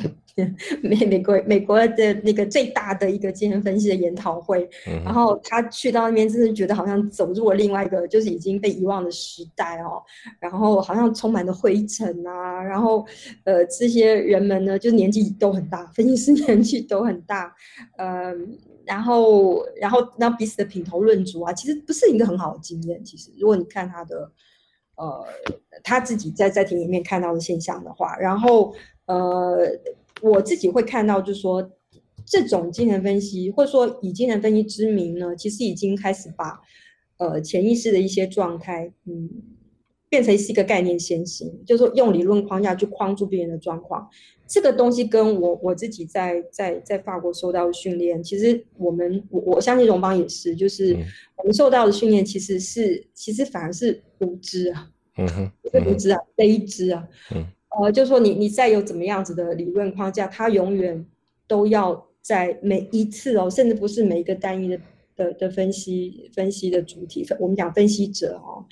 美美國美國的那個最大的一個精神分析的研討會，然後他去到那邊，真的覺得好像走入了另外一個就是已經被遺忘的時代哦，然後好像充滿了灰塵啊，然後呃，這些人們呢，就是年紀都很大，分析師年紀都很大，嗯、呃。然後，然後，讓彼此的品頭論足啊，其實不是一個很好的經驗。其實，如果你看他的，呃，他自己在在庭裡面看到的現象的話，然後，呃，我自己會看到，就是說，這種精神分析，或者說以精神分析之名呢，其實已經開始把，呃，潛意識的一些狀態，嗯。變成是一個概念先行，就是說用理論框架去框住別人的狀況。這個東西跟我我自己在在在法國受到的訓練，其實我們我我相信榮邦也是，就是我們受到的訓練其實是、嗯、其實反而是無知啊嗯，嗯哼，是無知啊，非知啊，嗯，呃，就說你你再有怎麼樣子的理論框架，它永遠都要在每一次哦，甚至不是每一個單一的的的分析分析的主體，我們講分析者哦。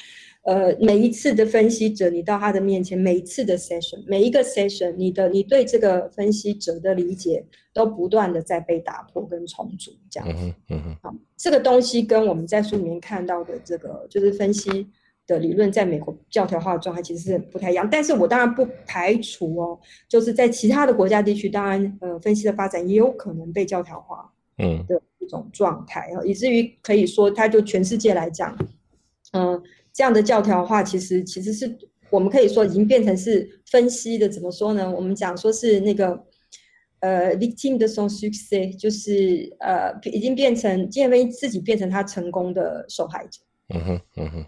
呃，每一次的分析者，你到他的面前，每一次的 session，每一個 session，你的你對這個分析者的理解都不斷的在被打破跟重組，這樣子，嗯。嗯，這個東西跟我們在書裡面看到的這個就是分析的理論，在美國教條化的狀態其實是不太一樣。但是我當然不排除哦，就是在其他的國家地區，當然呃，分析的發展也有可能被教條化，嗯，的一種狀態，嗯，以至於可以說，它就全世界來講，嗯，呃。這樣的教條化，其實其實是我們可以說已經變成是分析的，怎麼說呢？我們講說是那個，呃，victime de son succès，就是呃，已經變成精神分析自己變成他成功的受害者。嗯哼，嗯哼。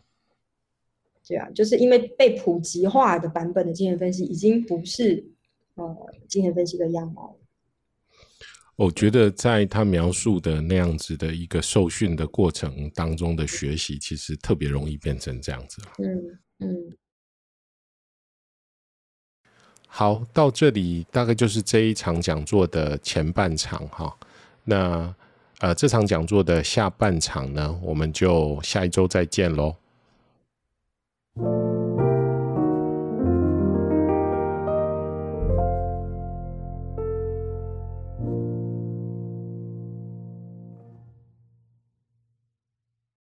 對啊，就是因為被普及化的版本的精神分析，已經不是呃精神分析的樣貌了。我覺得在他描述的那樣子的一個受訓的過程當中的學習，其實特別容易變成這樣子。嗯嗯。好，到這裡大概就是這一場講座的前半場哈。那呃，這場講座的下半場呢，我們就下一周再見嘍。